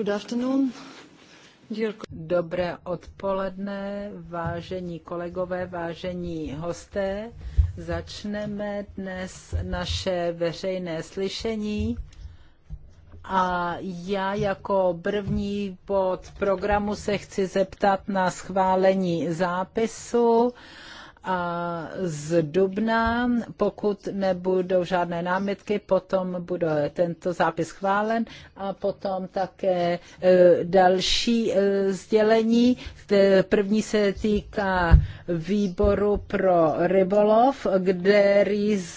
Good afternoon. Dobré odpoledne, vážení kolegové, vážení hosté. Začneme dnes naše veřejné slyšení. A já jako první bod programu se chci zeptat na schválení zápisu a z dubna, pokud nebudou žádné námitky, potom bude tento zápis chválen a potom také e, další e, sdělení. První se týká výboru pro rybolov, kde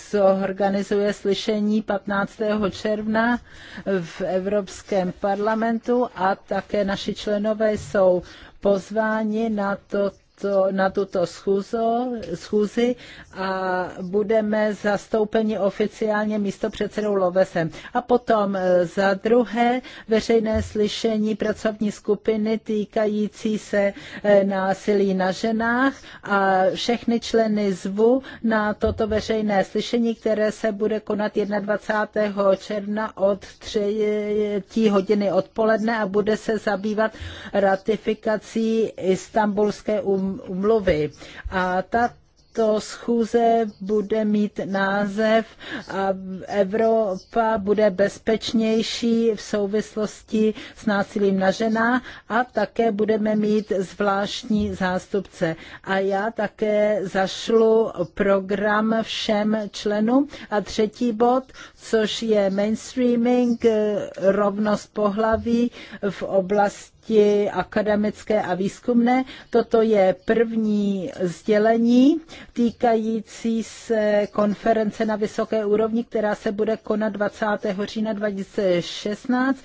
zorganizuje organizuje slyšení 15. června v Evropském parlamentu a také naši členové jsou pozváni na toto tuto, na tuto schůzo, schůzi a budeme zastoupeni oficiálně místo předsedou Lovesem. A potom eh, za druhé veřejné slyšení pracovní skupiny týkající se eh, násilí na ženách a všechny členy zvu na toto veřejné slyšení, které se bude konat 21. června od 3 hodiny odpoledne a bude se zabývat ratifikací Istanbulské úmluvy um- umluvy. A ta to schůze bude mít název a Evropa bude bezpečnější v souvislosti s násilím na žena a také budeme mít zvláštní zástupce. A já také zašlu program všem členům. A třetí bod, což je mainstreaming, rovnost pohlaví v oblasti oblasti akademické a výzkumné. Toto je první sdělení týkající se konference na vysoké úrovni, která se bude konat 20. října 2016.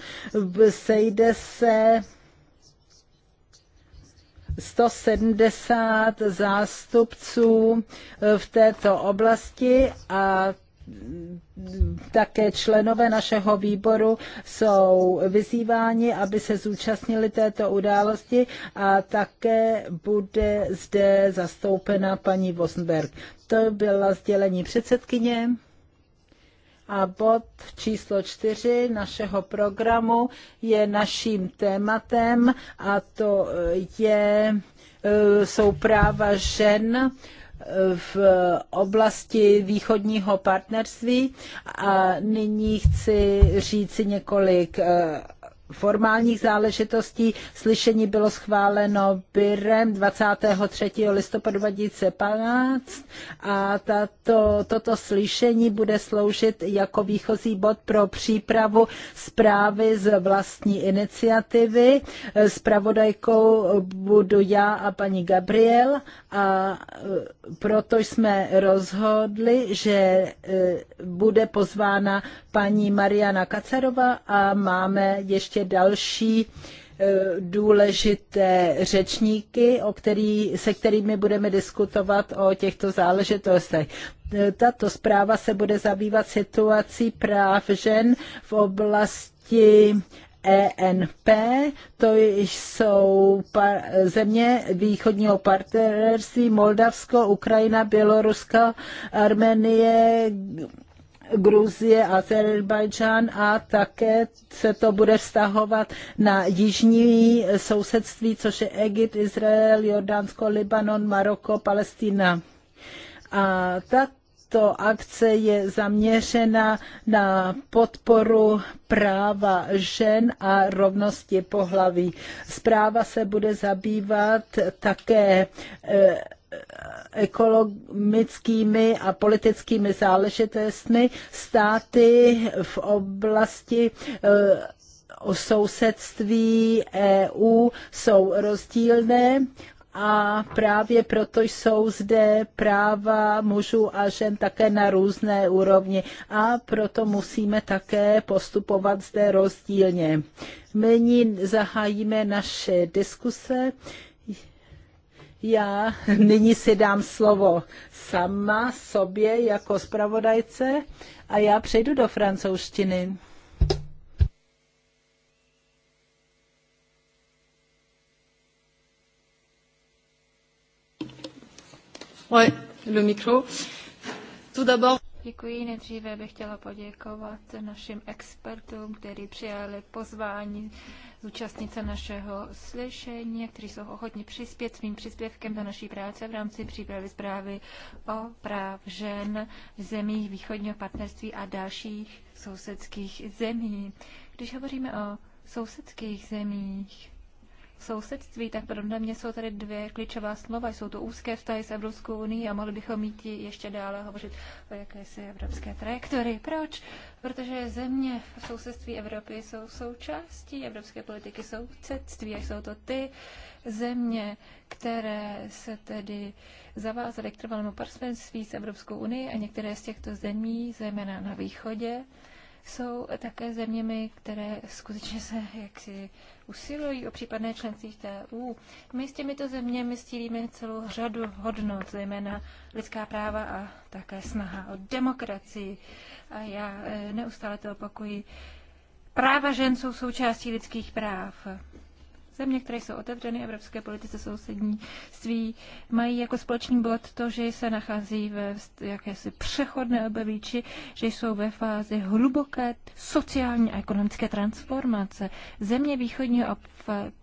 Sejde se 170 zástupců v této oblasti a také členové našeho výboru jsou vyzýváni, aby se zúčastnili této události a také bude zde zastoupena paní Vosnberg. To byla sdělení předsedkyně. A bod číslo čtyři našeho programu je naším tématem a to je, e, jsou práva žen v oblasti východního partnerství a nyní chci říci několik eh, formálních záležitostí. Slyšení bylo schváleno Birem 23. listopadu 2015 a tato, toto slyšení bude sloužit jako výchozí bod pro přípravu zprávy z vlastní iniciativy. Spravodajkou budu já a paní Gabriel a e, proto jsme rozhodli, že e, bude pozvána paní Mariana Kacarova a máme ještě další e, důležité řečníky, o který, se kterými budeme diskutovat o těchto záležitostech. E, tato zpráva se bude zabývat situací práv žen v oblasti ENP, to jsou země východního partnerství Moldavsko, Ukrajina, Bělorusko, Armenie, Gruzie Azerbajdžán a také se to bude vztahovat na jižní sousedství, což je Egypt, Izrael, Jordánsko, Libanon, Maroko, Palestina. A tato akce je zaměřena na podporu práva žen a rovnosti pohlaví. Zpráva se bude zabývat také eh, ekonomickými a politickými záležitostmi státy v oblasti eh, o sousedství EU jsou rozdílné a právě proto jsou zde práva mužů a žen také na různé úrovni a proto musíme také postupovat zde rozdílně. Nyní zahájíme naše diskuse. Já nyní si dám slovo sama sobě jako zpravodajce a já přejdu do francouzštiny. Oui, le micro. Tout d'abord, Děkuji. Nejdříve bych chtěla poděkovat našim expertům, kteří přijali pozvání zúčastnit se našeho slyšení, kteří jsou ochotni přispět svým příspěvkem do naší práce v rámci přípravy zprávy o práv žen v zemích východního partnerství a dalších sousedských zemí. Když hovoříme o sousedských zemích, sousedství, tak pro mě jsou tady dvě klíčová slova. Jsou to úzké vztahy s Evropskou unii a mohli bychom mít ještě dále hovořit o jakési evropské trajektory. Proč? Protože země v sousedství Evropy jsou součástí evropské politiky sousedství a jsou to ty země, které se tedy zavázaly k trvalému partnerství s Evropskou unii a některé z těchto zemí, zejména na východě, jsou také zeměmi, které skutečně se jaksi usilují o případné členství v TU. My s těmito zeměmi stílíme celou řadu hodnot, zejména lidská práva a také snaha o demokracii. A já eh, neustále to opakuji. Práva žen jsou součástí lidských práv. Země, které jsou otevřeny evropské politice sousednictví, mají jako společný bod to, že se nachází ve jakési přechodné období, či že jsou ve fázi hluboké sociální a ekonomické transformace. Země východního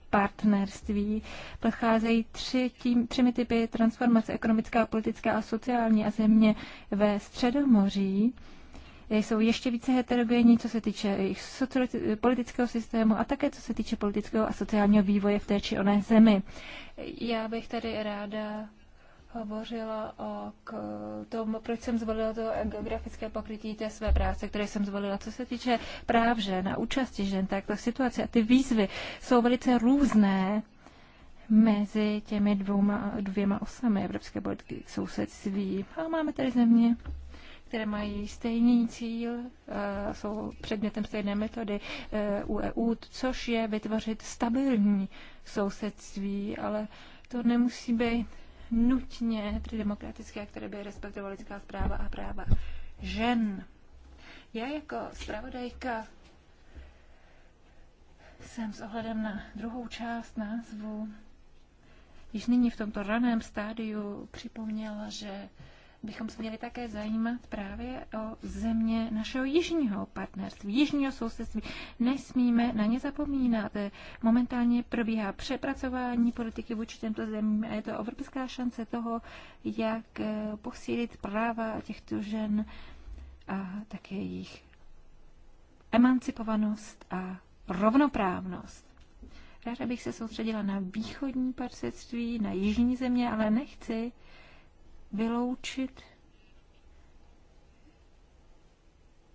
partnerství procházejí tři, tím, třemi typy transformace, ekonomická, politická a sociální a země ve Středomoří jsou ještě více heterogenní, co se týče jejich politického systému a také co se týče politického a sociálního vývoje v té či oné zemi. Já bych tady ráda hovořila o k tomu, proč jsem zvolila to geografické pokrytí té své práce, které jsem zvolila. Co se týče práv žen a účasti žen, tak ta situace a ty výzvy jsou velice různé mezi těmi dvouma, dvěma osami evropské politiky sousedství. A máme tady země, které mají stejný cíl, eh, jsou předmětem stejné metody eh, u EU, což je vytvořit stabilní sousedství, ale to nemusí být nutně tedy demokratické, které by respektovaly lidská práva a práva žen. Já jako zpravodajka jsem s ohledem na druhou část názvu již nyní v tomto raném stádiu připomněla, že bychom se měli také zajímat právě o země našeho jižního partnerství, jižního sousedství. Nesmíme na ně zapomínat. Momentálně probíhá přepracování politiky vůči těmto zemím a je to evropská šance toho, jak eh, posílit práva těchto žen a také jejich emancipovanost a rovnoprávnost. Ráda bych se soustředila na východní partnerství, na jižní země, ale nechci, vyloučit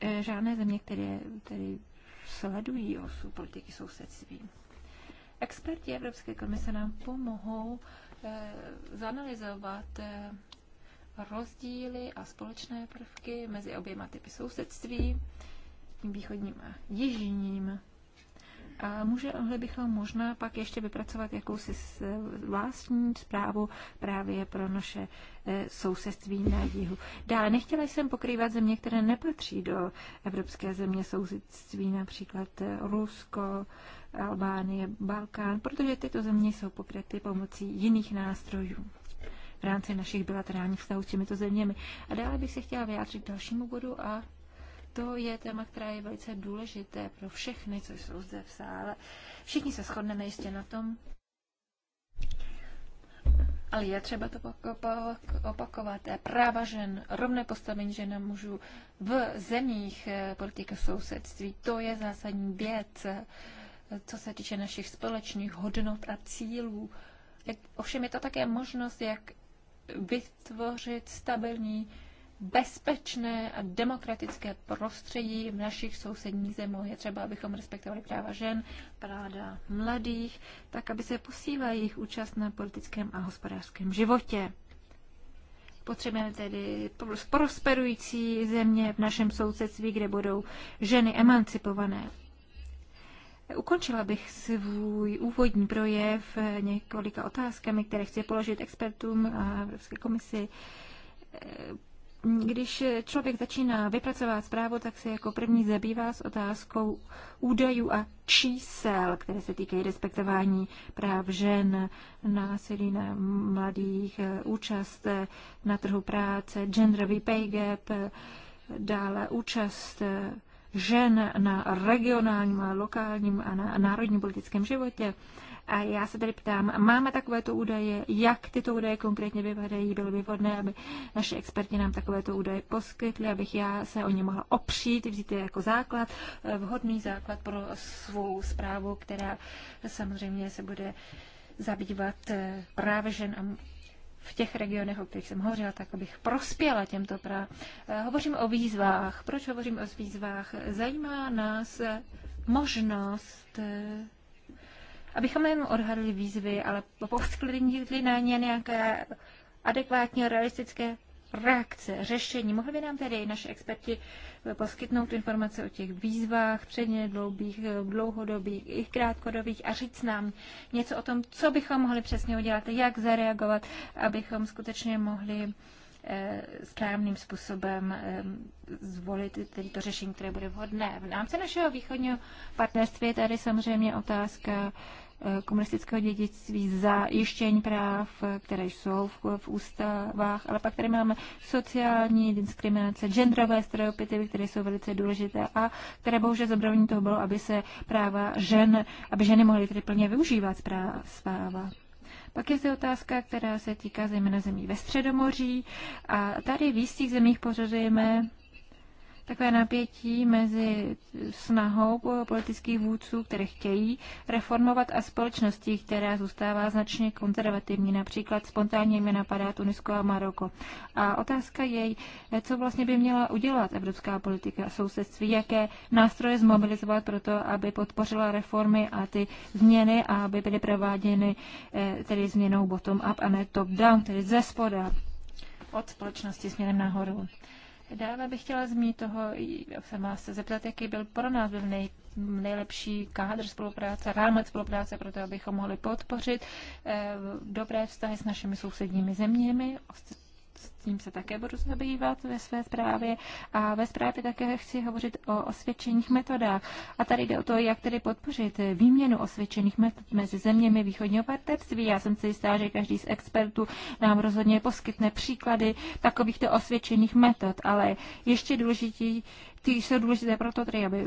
eh, žádné země, které tedy sledují osu politiky sousedství. Experti Evropské komise nám pomohou eh, zanalizovat eh, rozdíly a společné prvky mezi oběma typy sousedství, tím východním a jižním. A mohli bychom možná pak ještě vypracovat jakousi eh, vlastní zprávu právě pro naše eh, sousedství na jihu. Dále nechtěla jsem pokrývat země, které nepatří do evropské země sousedství, například eh, Rusko, Albánie, Balkán, protože tyto země jsou pokryty pomocí jiných nástrojů v rámci našich bilaterálních vztahů s těmito zeměmi. A dále bych se chtěla vyjádřit k dalšímu bodu a to je téma, která je velice důležité pro všechny, co jsou zde v sále. Všichni se shodneme jistě na tom, ale je třeba to opakovat. Práva žen, rovné postavení žen a mužů v zemích eh, politika sousedství, to je zásadní věc, co se týče našich společných hodnot a cílů. Ovšem je to také možnost, jak vytvořit stabilní bezpečné a demokratické prostředí v našich sousedních zemích. Je třeba, abychom respektovali práva žen, práva mladých, tak aby se posílila jejich účast na politickém a hospodářském životě. Potřebujeme tedy prosperující země v našem sousedství, kde budou ženy emancipované. Ukončila bych svůj úvodní projev několika otázkami, které chci položit expertům a Evropské komisi když člověk začíná vypracovat zprávu, tak se jako první zabývá s otázkou údajů a čísel, které se týkají respektování práv žen, násilí na mladých, účast na trhu práce, genderový pay gap, dále účast žen na regionálním, lokálním a na národním politickém životě. A já se tedy ptám, máme takovéto údaje, jak tyto údaje konkrétně vypadají, bylo by vhodné, aby naši experti nám takovéto údaje poskytli, abych já se o ně mohla opřít, vzít je jako základ, eh, vhodný základ pro svou zprávu, která samozřejmě se bude zabývat eh, právě žen a v těch regionech, o kterých jsem hovořila, tak abych prospěla těmto práv. Eh, hovořím o výzvách. Proč hovořím o výzvách? Zajímá nás možnost abychom nejen odhadli výzvy, ale poskytli na ně nějaké adekvátně realistické reakce, řešení. Mohli by nám tedy naši experti poskytnout informace o těch výzvách, předně dloubých, dlouhodobých i krátkodobých a říct nám něco o tom, co bychom mohli přesně udělat, jak zareagovat, abychom skutečně mohli Eh, správným způsobem eh, zvolit to řešení, které bude vhodné. V rámci našeho východního partnerství je tady samozřejmě otázka eh, komunistického dědictví, zajištění práv, které jsou v, v ústavách, ale pak tady máme sociální diskriminace, genderové stereotypy, které jsou velice důležité a které bohužel zobrazení toho bylo, aby se práva žen, aby ženy mohly tedy plně využívat zpráva. Pak je zde otázka, která se týká zejména zemí ve Středomoří a tady v jistých zemích pořadujeme takové napětí mezi snahou politických vůdců, které chtějí reformovat a společností, která zůstává značně konzervativní. Například spontánně mi napadá Tunisko a Maroko. A otázka je, co vlastně by měla udělat evropská politika sousedství, jaké nástroje zmobilizovat pro to, aby podpořila reformy a ty změny a aby byly prováděny eh, tedy změnou bottom-up a ne top-down, tedy ze spoda od společnosti směrem nahoru. Dále bych chtěla zmínit toho, jsem vás se zeptat, jaký byl pro nás byl nej, nejlepší kádr spolupráce, rámec spolupráce pro to, abychom mohli podpořit eh, dobré vztahy s našimi sousedními zeměmi, tím se také budu zabývat ve své zprávě a ve zprávě také chci hovořit o osvědčených metodách. A tady jde o to, jak tedy podpořit výměnu osvědčených metod mezi zeměmi východního partnerství. Já jsem si jistá, že každý z expertů nám rozhodně poskytne příklady takovýchto osvědčených metod, ale ještě důležitý, ty jsou důležité proto, tedy aby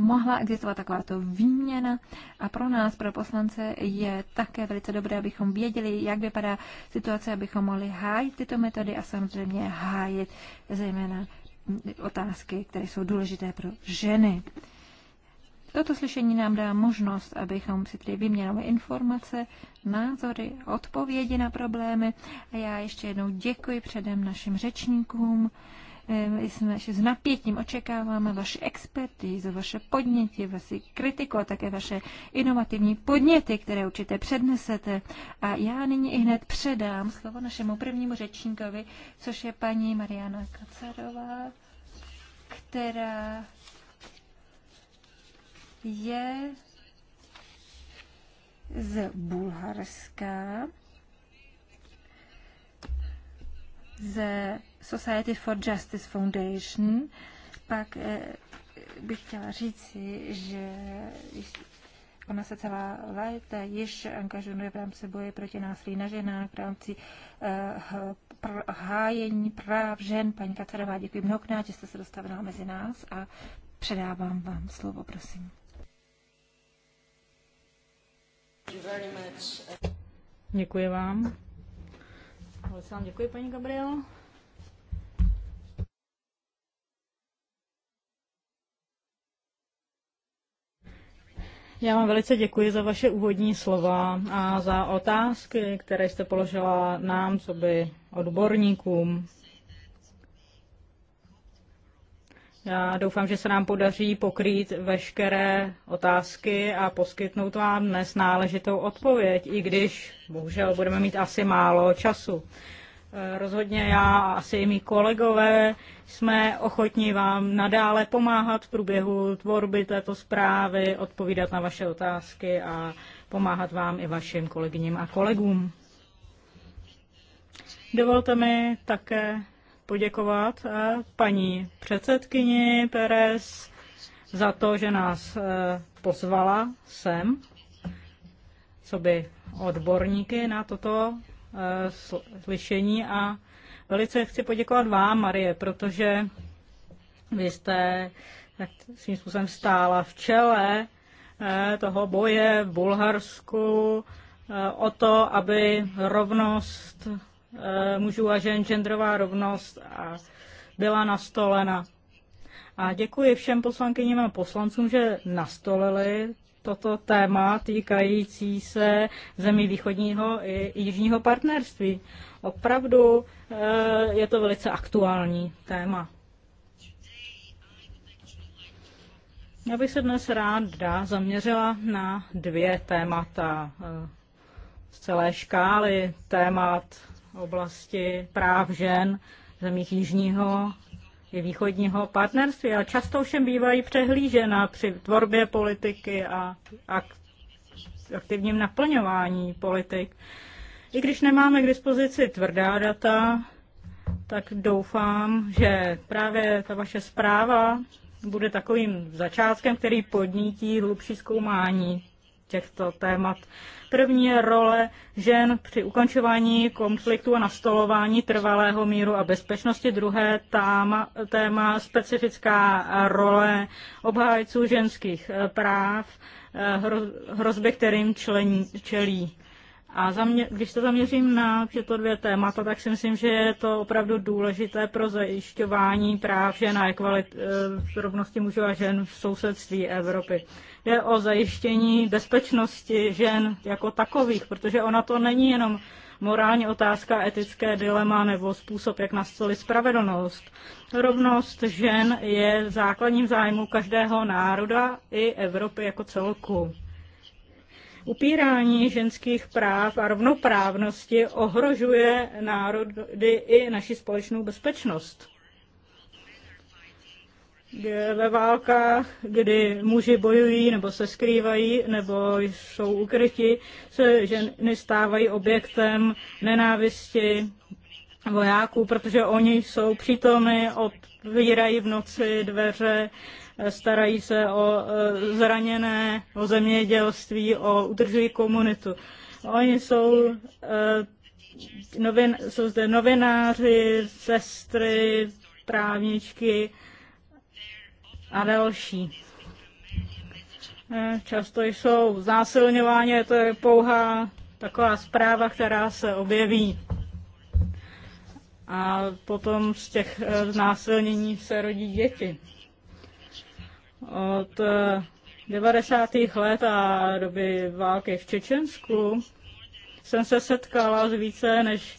mohla existovat takováto výměna a pro nás, pro poslance, je také velice dobré, abychom věděli, jak vypadá situace, abychom mohli hájit tyto metody a samozřejmě hájit zejména otázky, které jsou důležité pro ženy. Toto slyšení nám dá možnost, abychom si tedy vyměnili informace, názory, odpovědi na problémy. A já ještě jednou děkuji předem našim řečníkům jsme s napětím očekáváme vaši expertizu, vaše podněty, vaši kritiku a také vaše inovativní podněty, které určitě přednesete. A já nyní i hned předám slovo našemu prvnímu řečníkovi, což je paní Mariana Kacarová, která je z Bulharska ze Society for Justice Foundation, pak eh, bych chtěla říci, že ona se celá léta již angažuje v rámci boje proti násilí na ženách, v rámci eh, hájení práv žen. Paní Katarová, děkuji mnohokrát, že jste se dostavila mezi nás a předávám vám slovo, prosím. Děkuji vám. Velice vám děkuji, paní Gabriel. Já vám velice děkuji za vaše úvodní slova a za otázky, které jste položila nám, co by odborníkům Já doufám, že se nám podaří pokrýt veškeré otázky a poskytnout vám dnes náležitou odpověď, i když bohužel budeme mít asi málo času. Rozhodně já a asi i mý kolegové jsme ochotní vám nadále pomáhat v průběhu tvorby této zprávy, odpovídat na vaše otázky a pomáhat vám i vašim kolegyním a kolegům. Dovolte mi také poděkovat eh, paní předsedkyni Perez za to, že nás eh, pozvala sem, co by odborníky na toto eh, slyšení a velice chci poděkovat vám, Marie, protože vy jste tak svým způsobem stála v čele toho boje v Bulharsku o to, aby rovnost Eh, mužů a žen, genderová rovnost a byla nastolena. A děkuji všem poslankyním a poslancům, že nastolili toto téma týkající se zemí východního i jižního partnerství. Opravdu eh, je to velice aktuální téma. Já bych se dnes ráda zaměřila na dvě témata eh, z celé škály témat oblasti práv žen v zemích jižního i východního partnerství a často všem bývají přehlížena při tvorbě politiky a aktivním naplňování politik. I když nemáme k dispozici tvrdá data, tak doufám, že právě ta vaše zpráva bude takovým začátkem, který podnítí hlubší zkoumání těchto témat. První role žen při ukončování konfliktu a nastolování trvalého míru a bezpečnosti. Druhé táma, téma specifická role obhájců ženských eh, práv, eh, hrozby, kterým člení, čelí a zamě- když se zaměřím na tyto dvě témata, tak si myslím, že je to opravdu důležité pro zajišťování práv žen a kvalit- e, rovnosti mužů a žen v sousedství Evropy. Jde o zajištění bezpečnosti žen jako takových, protože ona to není jenom morální otázka, etické dilema nebo způsob, jak nastolit spravedlnost. Rovnost žen je základním zájmu každého národa i Evropy jako celku upírání ženských práv a rovnoprávnosti ohrožuje národy i naši společnou bezpečnost. Ve válkách, kdy muži bojují nebo se skrývají nebo jsou ukryti, se ženy stávají objektem nenávisti vojáků, protože oni jsou přítomy, otvírají v noci dveře starají se o eh, zraněné, o zemědělství, o udržují komunitu. Oni jsou, eh, novin, jsou zde novináři, sestry, právničky a další. Eh, často jsou znásilňováni, to je pouhá taková zpráva, která se objeví. A potom z těch znásilnění se rodí děti od 90. Eh, let a doby války v Čečensku jsem se setkala s více než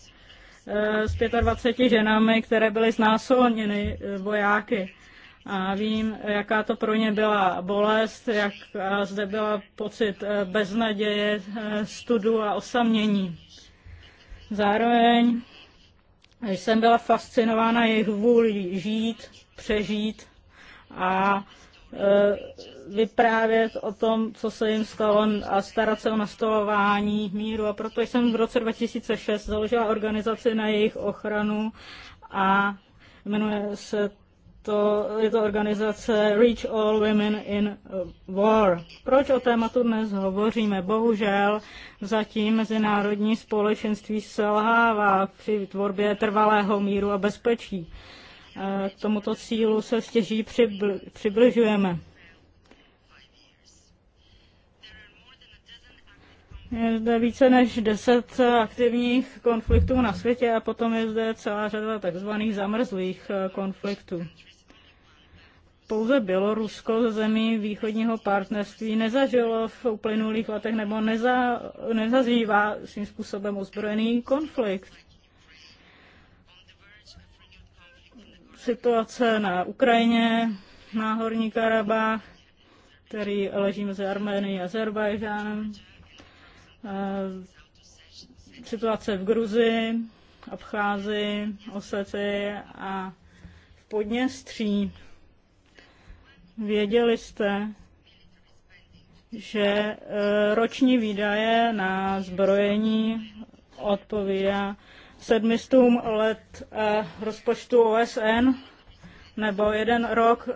eh, s 25 ženami, které byly znásilněny eh, vojáky. A vím, jaká to pro ně byla bolest, jak zde byla pocit beznaděje, studu a osamění. Zároveň jsem byla fascinována jejich vůlí žít, přežít a Eh, vyprávět o tom, co se jim stalo a starat se o nastolování míru. A proto jsem v roce 2006 založila organizaci na jejich ochranu a jmenuje se to, je to organizace Reach All Women in War. Proč o tématu dnes hovoříme? Bohužel zatím mezinárodní společenství selhává při tvorbě trvalého míru a bezpečí k tomuto cílu se stěží přibl- přibližujeme. Je zde více než deset aktivních konfliktů na světě a potom je zde celá řada takzvaných zamrzlých eh, konfliktů. Pouze Bělorusko ze zemí východního partnerství nezažilo v uplynulých letech nebo neza, nezažívá svým způsobem ozbrojený konflikt. situace na Ukrajině, na Horní Karabách, který leží mezi Arménií a Azerbajžánem, situace v Gruzii, Abcházi, Osety a v Podněstří. Věděli jste, že e, roční výdaje na zbrojení odpovídá sedmistům let eh, rozpočtu OSN nebo jeden rok eh,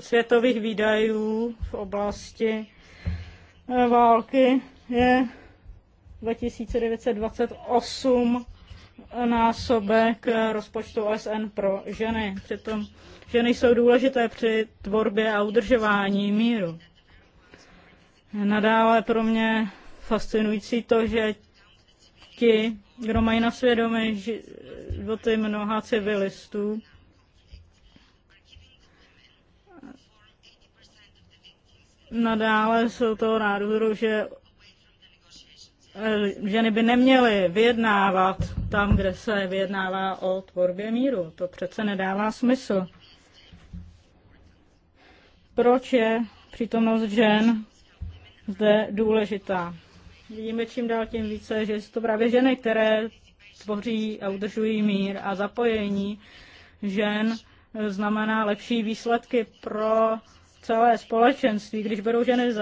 světových výdajů v oblasti eh, války je 2928 násobek rozpočtu OSN pro ženy. Přitom ženy jsou důležité při tvorbě a udržování míru. Nadále pro mě fascinující to, že ti, kdo mají na svědomí životy mnoha civilistů, nadále jsou toho názoru, že eh, ženy by neměly vyjednávat tam, kde se vyjednává o tvorbě míru. To přece nedává smysl. Proč je přítomnost žen zde důležitá? vidíme čím dál tím více, že jsou to právě ženy, které tvoří a udržují mír a zapojení žen znamená lepší výsledky pro celé společenství. Když budou ženy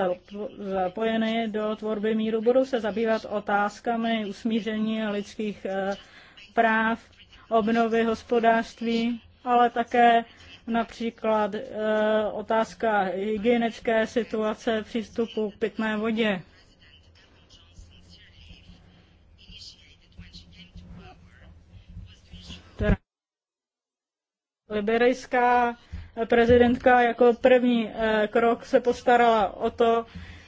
zapojeny do tvorby míru, budou se zabývat otázkami usmíření lidských eh, práv, obnovy hospodářství, ale také například eh, otázka hygienické situace, přístupu k pitné vodě. liberejská prezidentka jako první eh, krok se postarala o to,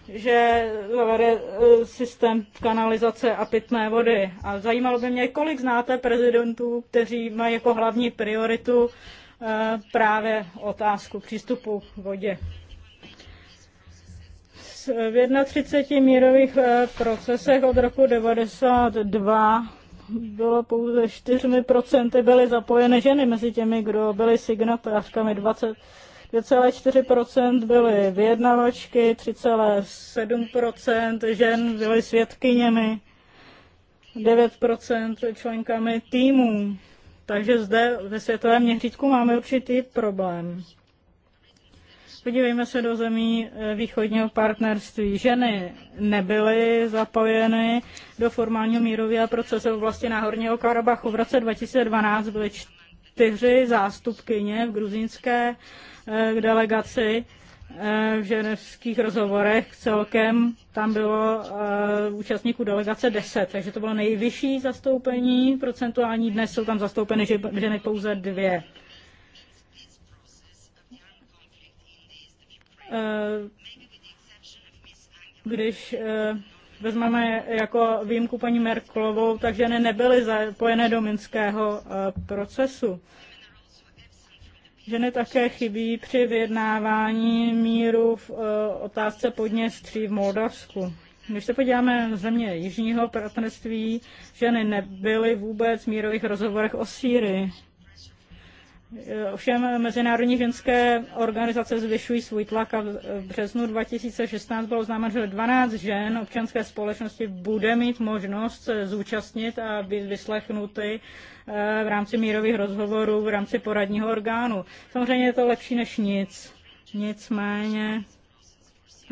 že zavede eh, systém kanalizace a pitné vody. A zajímalo by mě, kolik znáte prezidentů, kteří mají jako hlavní prioritu eh, právě otázku přístupu k vodě. V 31 mírových procesech od roku 1992 bylo pouze 4% byly zapojeny ženy mezi těmi, kdo byly signatářkami 2,4% byly vyjednavačky, 3,7% žen byly svědkyněmi, 9% členkami týmů. Takže zde ve světovém měřítku máme určitý problém. Podívejme se do zemí eh, východního partnerství. Ženy nebyly zapojeny do formálního mírového procesu v oblasti Náhorního Karabachu. V roce 2012 byly čtyři zástupkyně v gruzínské eh, delegaci eh, v ženevských rozhovorech. Celkem tam bylo účastníků delegace 10, takže to bylo nejvyšší zastoupení procentuální. Dnes jsou tam zastoupeny ženy pouze dvě. Eh, když eh, vezmeme jako výjimku paní Merklovou, takže ne, nebyly zapojené do minského eh, procesu. Ženy také chybí při vyjednávání míru v otázce podněstří v Moldavsku. Když se podíváme na země jižního partnerství, ženy nebyly vůbec v mírových rozhovorech o Sýrii. Ovšem mezinárodní ženské organizace zvyšují svůj tlak a v březnu 2016 bylo známo, že 12 žen občanské společnosti bude mít možnost zúčastnit a být vyslechnuty eh, v rámci mírových rozhovorů, v rámci poradního orgánu. Samozřejmě je to lepší než nic. Nicméně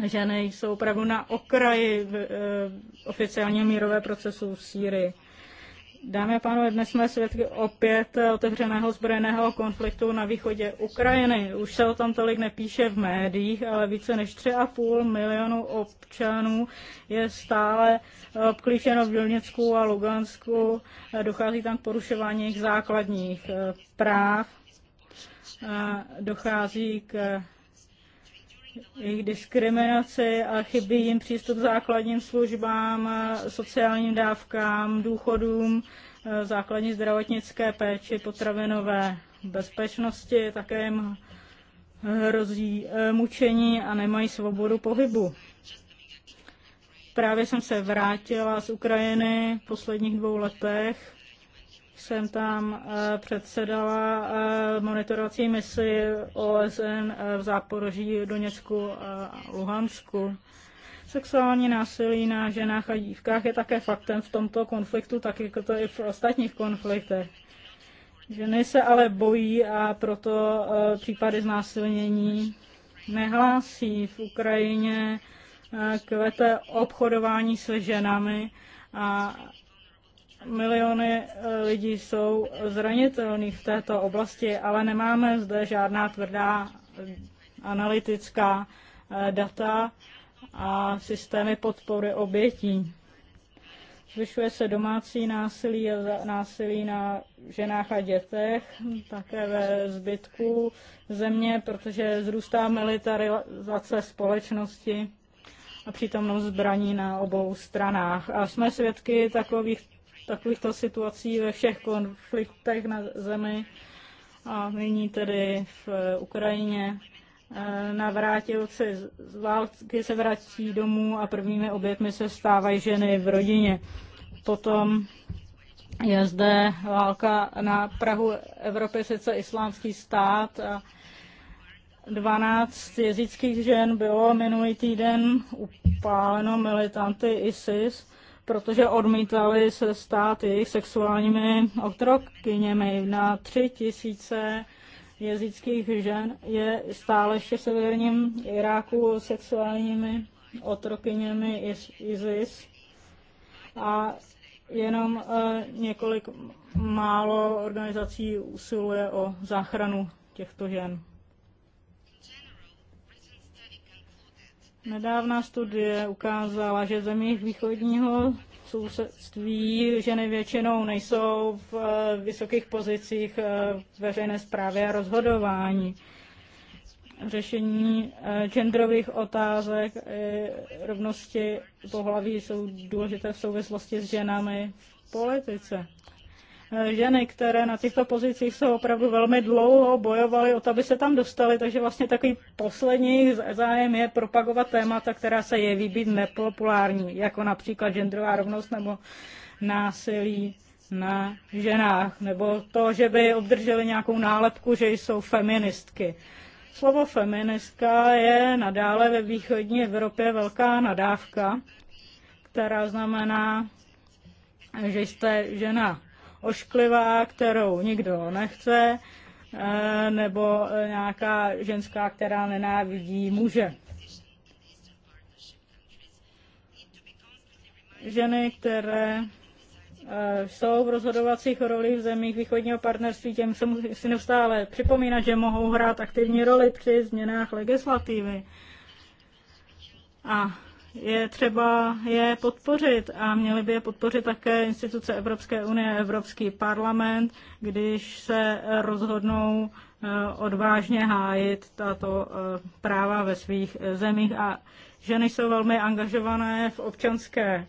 ženy jsou opravdu na okraji eh, oficiálního mírové procesu v Sýrii. Dámy a pánové, dnes jsme svědky opět eh, otevřeného zbrojeného konfliktu na východě Ukrajiny. Už se o tom tolik nepíše v médiích, ale více než 3,5 milionu občanů je stále eh, obklíčeno v Doněcku a Lugansku. Eh, dochází tam k porušování jejich základních práv. Dochází k jejich diskriminaci a chybí jim přístup k základním službám, sociálním dávkám, důchodům, základní zdravotnické péči, potravinové bezpečnosti, také jim hrozí eh, mučení a nemají svobodu pohybu. Právě jsem se vrátila z Ukrajiny v posledních dvou letech jsem tam eh, předsedala eh, monitorovací misi OSN eh, v Záporoží, Doněcku a Luhansku. Sexuální násilí na ženách a dívkách je také faktem v tomto konfliktu, tak jako to i v ostatních konfliktech. Ženy se ale bojí a proto případy znásilnění nehlásí. V Ukrajině kvete obchodování s ženami a miliony eh, lidí jsou zranitelných v této oblasti, ale nemáme zde žádná tvrdá eh, analytická eh, data a systémy podpory obětí. Zvyšuje se domácí násilí a násilí na ženách a dětech, také ve zbytku země, protože zrůstá militarizace společnosti a přítomnost zbraní na obou stranách. A jsme svědky takových takovýchto situací ve všech konfliktech na zemi a nyní tedy v Ukrajině. Eh, navrátil se z války se vrací domů a prvními obětmi se stávají ženy v rodině. Potom je zde válka na Prahu Evropy, sice islámský stát a 12 jezických žen bylo minulý týden upáleno militanty ISIS protože odmítali se stát jejich sexuálními otrokyněmi. Na tři tisíce jezických žen je stále ještě v severním Iráku sexuálními otrokyněmi ISIS a jenom eh, několik málo organizací usiluje o záchranu těchto žen. Nedávná studie ukázala, že v zemích východního sousedství ženy většinou nejsou v eh, vysokých pozicích eh, veřejné zprávy a rozhodování. Řešení eh, genderových otázek rovnosti pohlaví jsou důležité v souvislosti s ženami v politice. Eh, ženy, které na těchto pozicích jsou opravdu velmi dlouho bojovaly o to, aby se tam dostaly, takže vlastně takový poslední zájem je propagovat témata, která se jeví být nepopulární, jako například genderová rovnost nebo násilí na ženách, nebo to, že by obdrželi nějakou nálepku, že jsou feministky. Slovo feministka je nadále ve východní Evropě velká nadávka, která znamená, že jste žena ošklivá, kterou nikdo nechce, eh, nebo nějaká ženská, která nenávidí muže. Ženy, které eh, jsou v rozhodovacích rolích v zemích východního partnerství, těm se musí neustále připomínat, že mohou hrát aktivní roli při změnách legislativy. A je třeba je podpořit a měly by je podpořit také instituce Evropské unie, Evropský parlament, když se eh, rozhodnou eh, odvážně hájit tato eh, práva ve svých zemích. A ženy jsou velmi angažované v občanské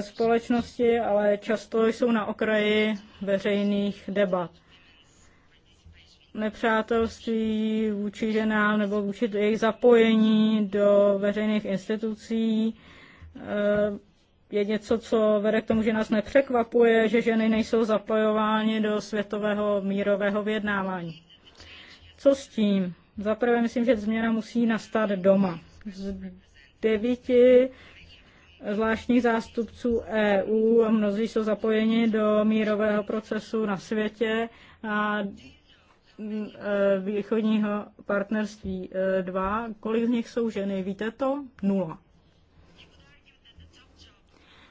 společnosti, ale často jsou na okraji veřejných debat nepřátelství vůči ženám nebo vůči jejich zapojení do veřejných institucí eh, je něco, co vede k tomu, že nás nepřekvapuje, že ženy nejsou zapojovány do světového mírového vyjednávání. Co s tím? Zaprvé myslím, že změna musí nastat doma. Z devíti zvláštních zástupců EU a mnozí jsou zapojeni do mírového procesu na světě a Eh, východního partnerství 2, eh, kolik z nich jsou ženy? Víte to? Nula.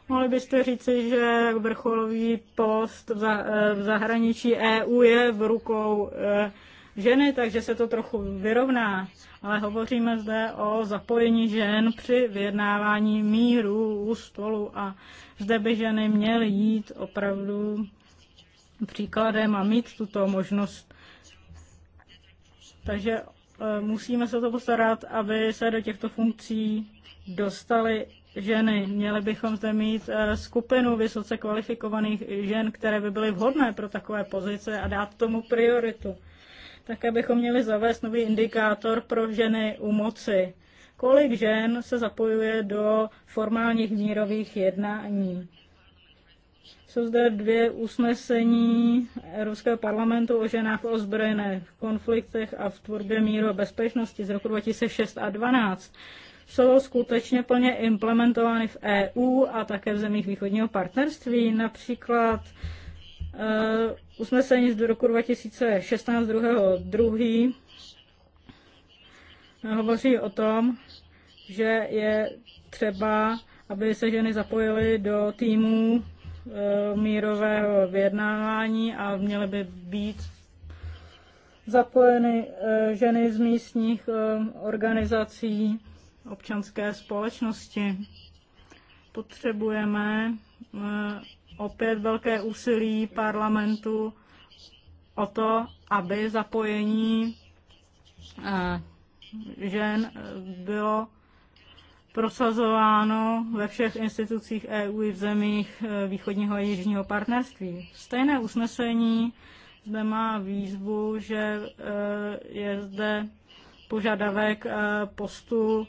Mohli byste říci, že vrcholový post v eh, zahraničí EU je v rukou ženy, takže se to trochu vyrovná. Ale hovoříme zde o zapojení žen při vyjednávání míru u stolu a zde by ženy měly jít opravdu příkladem a mít tuto možnost takže eh, musíme se to postarat, aby se do těchto funkcí dostaly ženy. Měli bychom zde mít eh, skupinu vysoce kvalifikovaných žen, které by byly vhodné pro takové pozice a dát tomu prioritu. Také bychom měli zavést nový indikátor pro ženy u moci. Kolik žen se zapojuje do formálních mírových jednání? Jsou zde dvě usnesení Evropského parlamentu o ženách v ozbrojených konfliktech a v tvorbě míru a bezpečnosti z roku 2006 a 2012. Jsou skutečně plně implementovány v EU a také v zemích východního partnerství, například uh, usnesení z roku 2016 2.2. hovoří o tom, že je třeba, aby se ženy zapojily do týmů Eh, mírového vyjednávání a měly by být zapojeny eh, ženy z místních eh, organizací občanské společnosti. Potřebujeme opět velké úsilí parlamentu o to, aby zapojení žen bylo prosazováno ve všech institucích EU i v zemích e, východního a jižního partnerství. Stejné usnesení zde má výzvu, že e, je zde požadavek e, postu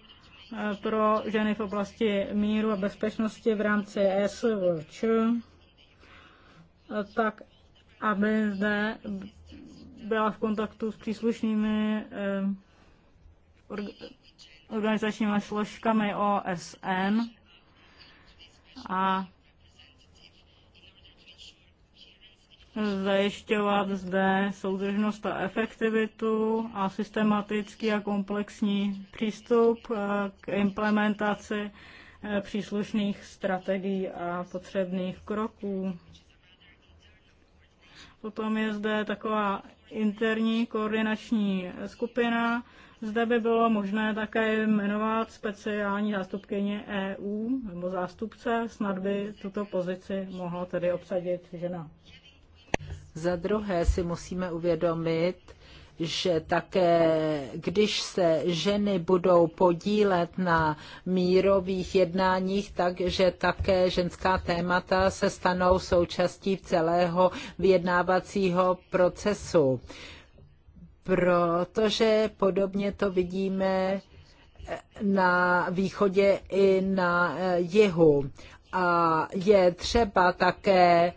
pro ženy v oblasti míru a bezpečnosti v rámci SVČ, tak aby zde byla v kontaktu s příslušnými organizačními složkami OSN a zajišťovat zde soudržnost a efektivitu a systematický a komplexní přístup eh, k implementaci eh, příslušných strategií a potřebných kroků. Potom je zde taková interní koordinační skupina. Zde by bylo možné také jmenovat speciální zástupkyně EU nebo zástupce, snad by tuto pozici mohla tedy obsadit žena. Za druhé si musíme uvědomit, že také, když se ženy budou podílet na mírových jednáních, takže také ženská témata se stanou součástí celého vyjednávacího procesu. Protože podobně to vidíme na východě i na jihu. A je třeba také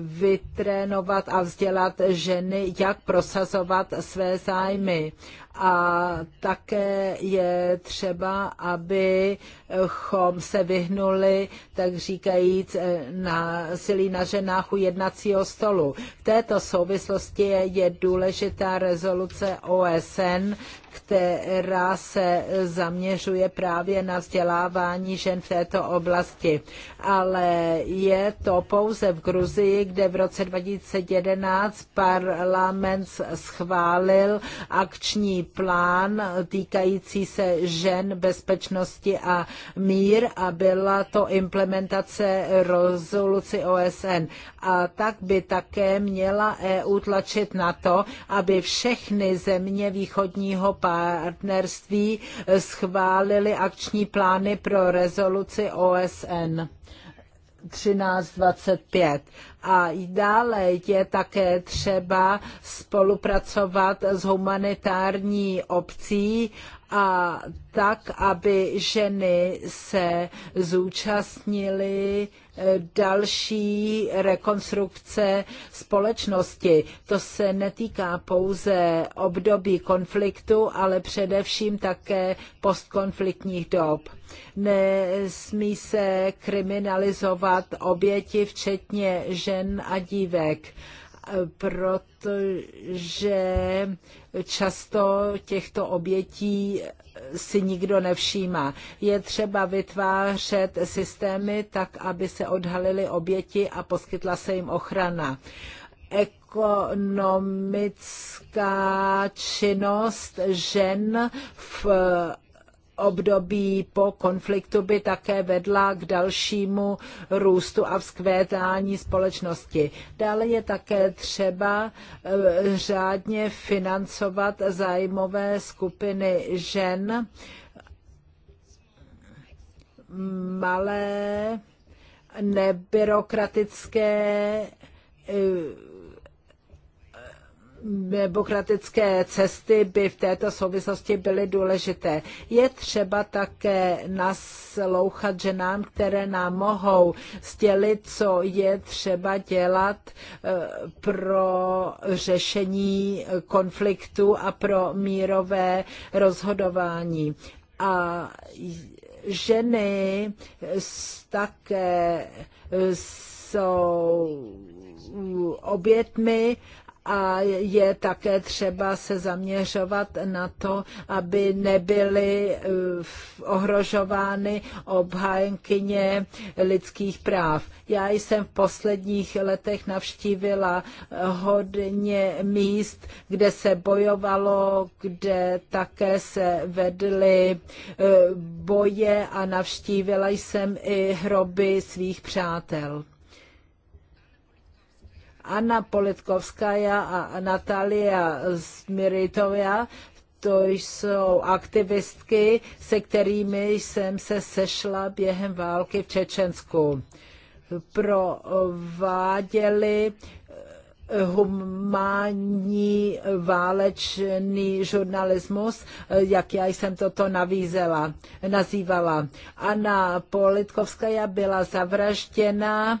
vytrénovat a vzdělat ženy, jak prosazovat své zájmy a také je třeba, abychom se vyhnuli, tak říkajíc, eh, na silí na ženách u jednacího stolu. V této souvislosti je důležitá rezoluce OSN, která se zaměřuje právě na vzdělávání žen v této oblasti. Ale je to pouze v Gruzii, kde v roce 2011 parlament schválil akční plán týkající se žen, bezpečnosti a mír a byla to implementace rezoluci OSN. A tak by také měla EU tlačit na to, aby všechny země východního partnerství schválily akční plány pro rezoluci OSN. 1325. A dále je také třeba spolupracovat s humanitární obcí a tak, aby ženy se zúčastnily eh, další rekonstrukce společnosti. To se netýká pouze období konfliktu, ale především také postkonfliktních dob. Nesmí se kriminalizovat oběti, včetně žen a dívek protože často těchto obětí si nikdo nevšímá. Je třeba vytvářet systémy tak, aby se odhalily oběti a poskytla se jim ochrana. Ekonomická činnost žen v období po konfliktu by také vedla k dalšímu růstu a vzkvétání společnosti. Dále je také třeba eh, řádně financovat zájmové skupiny žen, malé nebyrokratické eh, demokratické cesty by v této souvislosti byly důležité. Je třeba také naslouchat ženám, které nám mohou sdělit, co je třeba dělat eh, pro řešení konfliktu a pro mírové rozhodování. A ženy také jsou obětmi a je také třeba se zaměřovat na to, aby nebyly eh, ohrožovány obhájenkyně lidských práv. Já jsem v posledních letech navštívila eh, hodně míst, kde se bojovalo, kde také se vedly eh, boje a navštívila jsem i hroby svých přátel. Anna Politkovská a Natalia Smiritová, to jsou aktivistky, se kterými jsem se sešla během války v Čečensku prováděli humánní válečný žurnalismus, jak já jsem toto navízela, nazývala. Anna Politkovská byla zavražděna eh,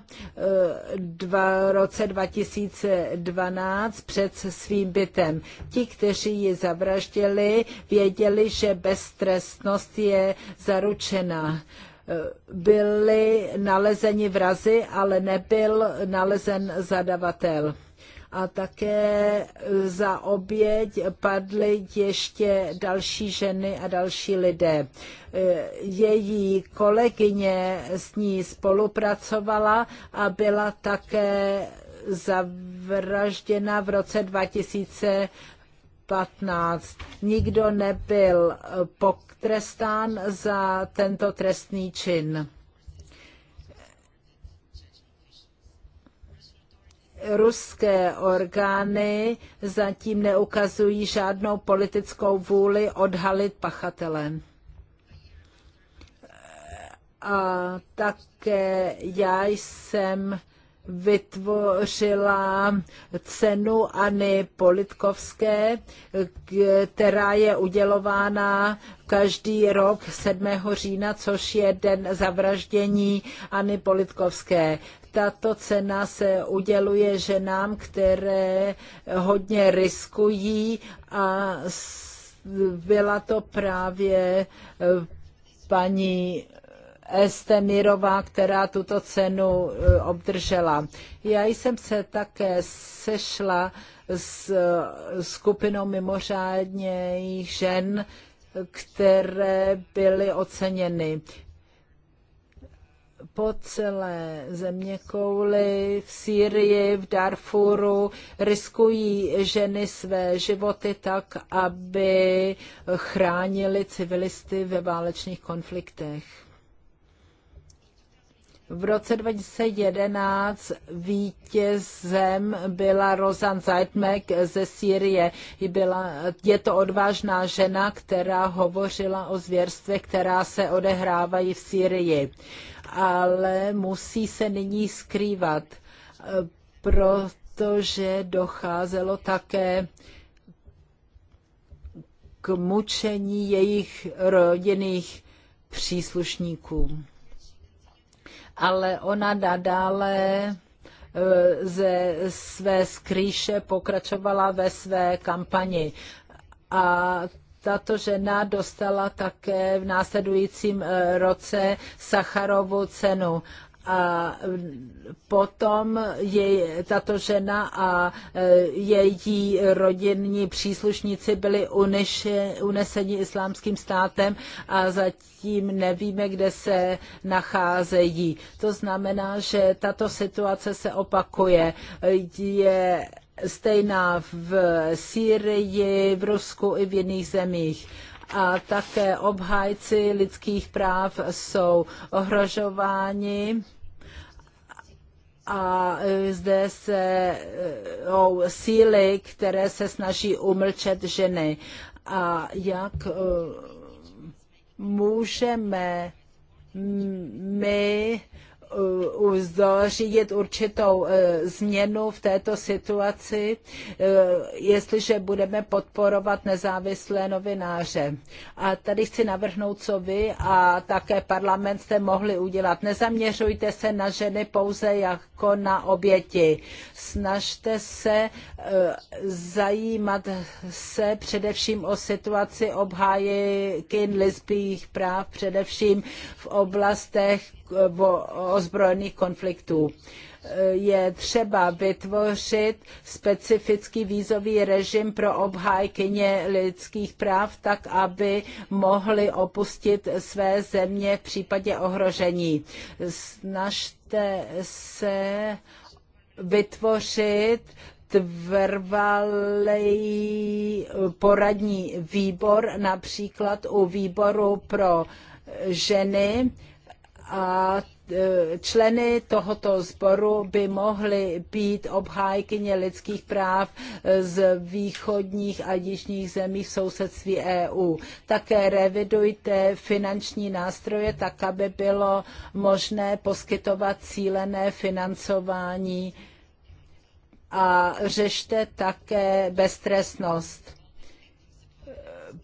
v roce 2012 před svým bytem. Ti, kteří ji zavraždili, věděli, že beztrestnost je zaručena eh, byli nalezeni vrazy, ale nebyl nalezen zadavatel a také e, za oběť padly ještě další ženy a další lidé. E, její kolegyně s ní spolupracovala a byla také zavražděna v roce 2015. Nikdo nebyl potrestán za tento trestný čin. ruské orgány zatím neukazují žádnou politickou vůli odhalit pachatele. A také já jsem vytvořila cenu Anny Politkovské, která je udělována každý rok 7. října, což je den zavraždění Anny Politkovské. Tato cena se uděluje ženám, které hodně riskují a byla to právě eh, paní Estemirová, která tuto cenu eh, obdržela. Já jsem se také sešla s eh, skupinou mimořádných žen, které byly oceněny po celé země v Sýrii, v Darfuru, riskují ženy své životy tak, aby chránili civilisty ve válečných konfliktech. V roce 2011 vítězem byla Rozan Zajtmek ze Sýrie. Byla, je to odvážná žena, která hovořila o zvěrstvech, která se odehrávají v Sýrii. Ale musí se nyní skrývat, protože docházelo také k mučení jejich rodinných příslušníků ale ona nadále eh, ze své skrýše pokračovala ve své kampani. A tato žena dostala také v následujícím eh, roce Sacharovu cenu a eh, potom je tato žena a eh, její rodinní příslušníci byli uneseni islámským státem a zatím nevíme, kde se nacházejí. To znamená, že tato situace se opakuje. Je stejná v Sýrii, v Rusku i v jiných zemích a také obhájci lidských práv jsou ohrožováni a e, zde se e, o síly, které se snaží umlčet ženy. A jak e, můžeme my zařídit určitou e, změnu v této situaci, e, jestliže budeme podporovat nezávislé novináře. A tady chci navrhnout, co vy a také parlament jste mohli udělat. Nezaměřujte se na ženy pouze jako na oběti. Snažte se e, zajímat se především o situaci obhájky lesbijských práv, především v oblastech, ozbrojených konfliktů. Je třeba vytvořit specifický vízový režim pro obhájkyně lidských práv, tak aby mohli opustit své země v případě ohrožení. Snažte se vytvořit tvrvalý poradní výbor, například u výboru pro ženy, a e, členy tohoto sboru by mohly být obhájkyně lidských práv z východních a jižních zemí v sousedství EU. Také revidujte finanční nástroje tak, aby bylo možné poskytovat cílené financování a řešte také beztrestnost,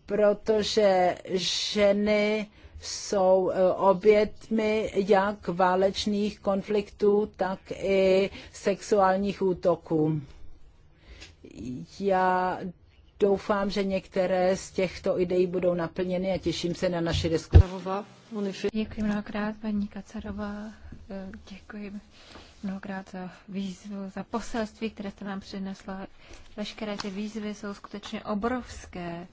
protože ženy jsou eh, obětmi jak válečných konfliktů, tak i sexuálních útoků. Já doufám, že některé z těchto ideí budou naplněny a těším se na naši diskusi. Děkuji mnohokrát, paní Kacarová. Eh, děkuji mnohokrát za výzvu, za poselství, které jste nám přinesla. Veškeré ty výzvy jsou skutečně obrovské.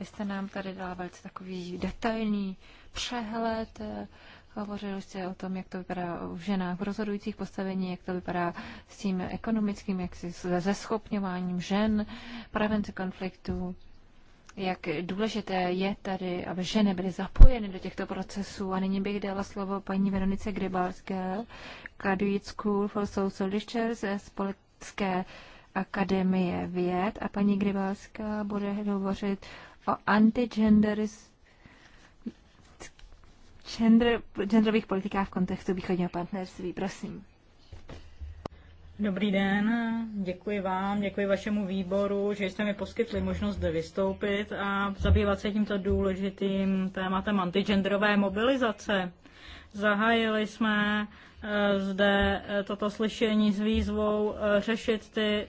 Vy jste nám tady dala velice takový detailní přehled. Hovořili jste o tom, jak to vypadá v ženách v rozhodujících postavení, jak to vypadá s tím ekonomickým, jak si se zeschopňováním žen, prevence konfliktů, jak důležité je tady, aby ženy byly zapojeny do těchto procesů. A nyní bych dala slovo paní Veronice Grybalské, Graduate School for Social Research z Politické akademie věd a paní Grybalská bude hovořit o antigenderismu gender, genderových politikách v kontextu východního partnerství. Prosím. Dobrý den, děkuji vám, děkuji vašemu výboru, že jste mi poskytli možnost zde vystoupit a zabývat se tímto důležitým tématem antigenderové mobilizace. Zahájili jsme eh, zde eh, toto slyšení s výzvou eh, řešit ty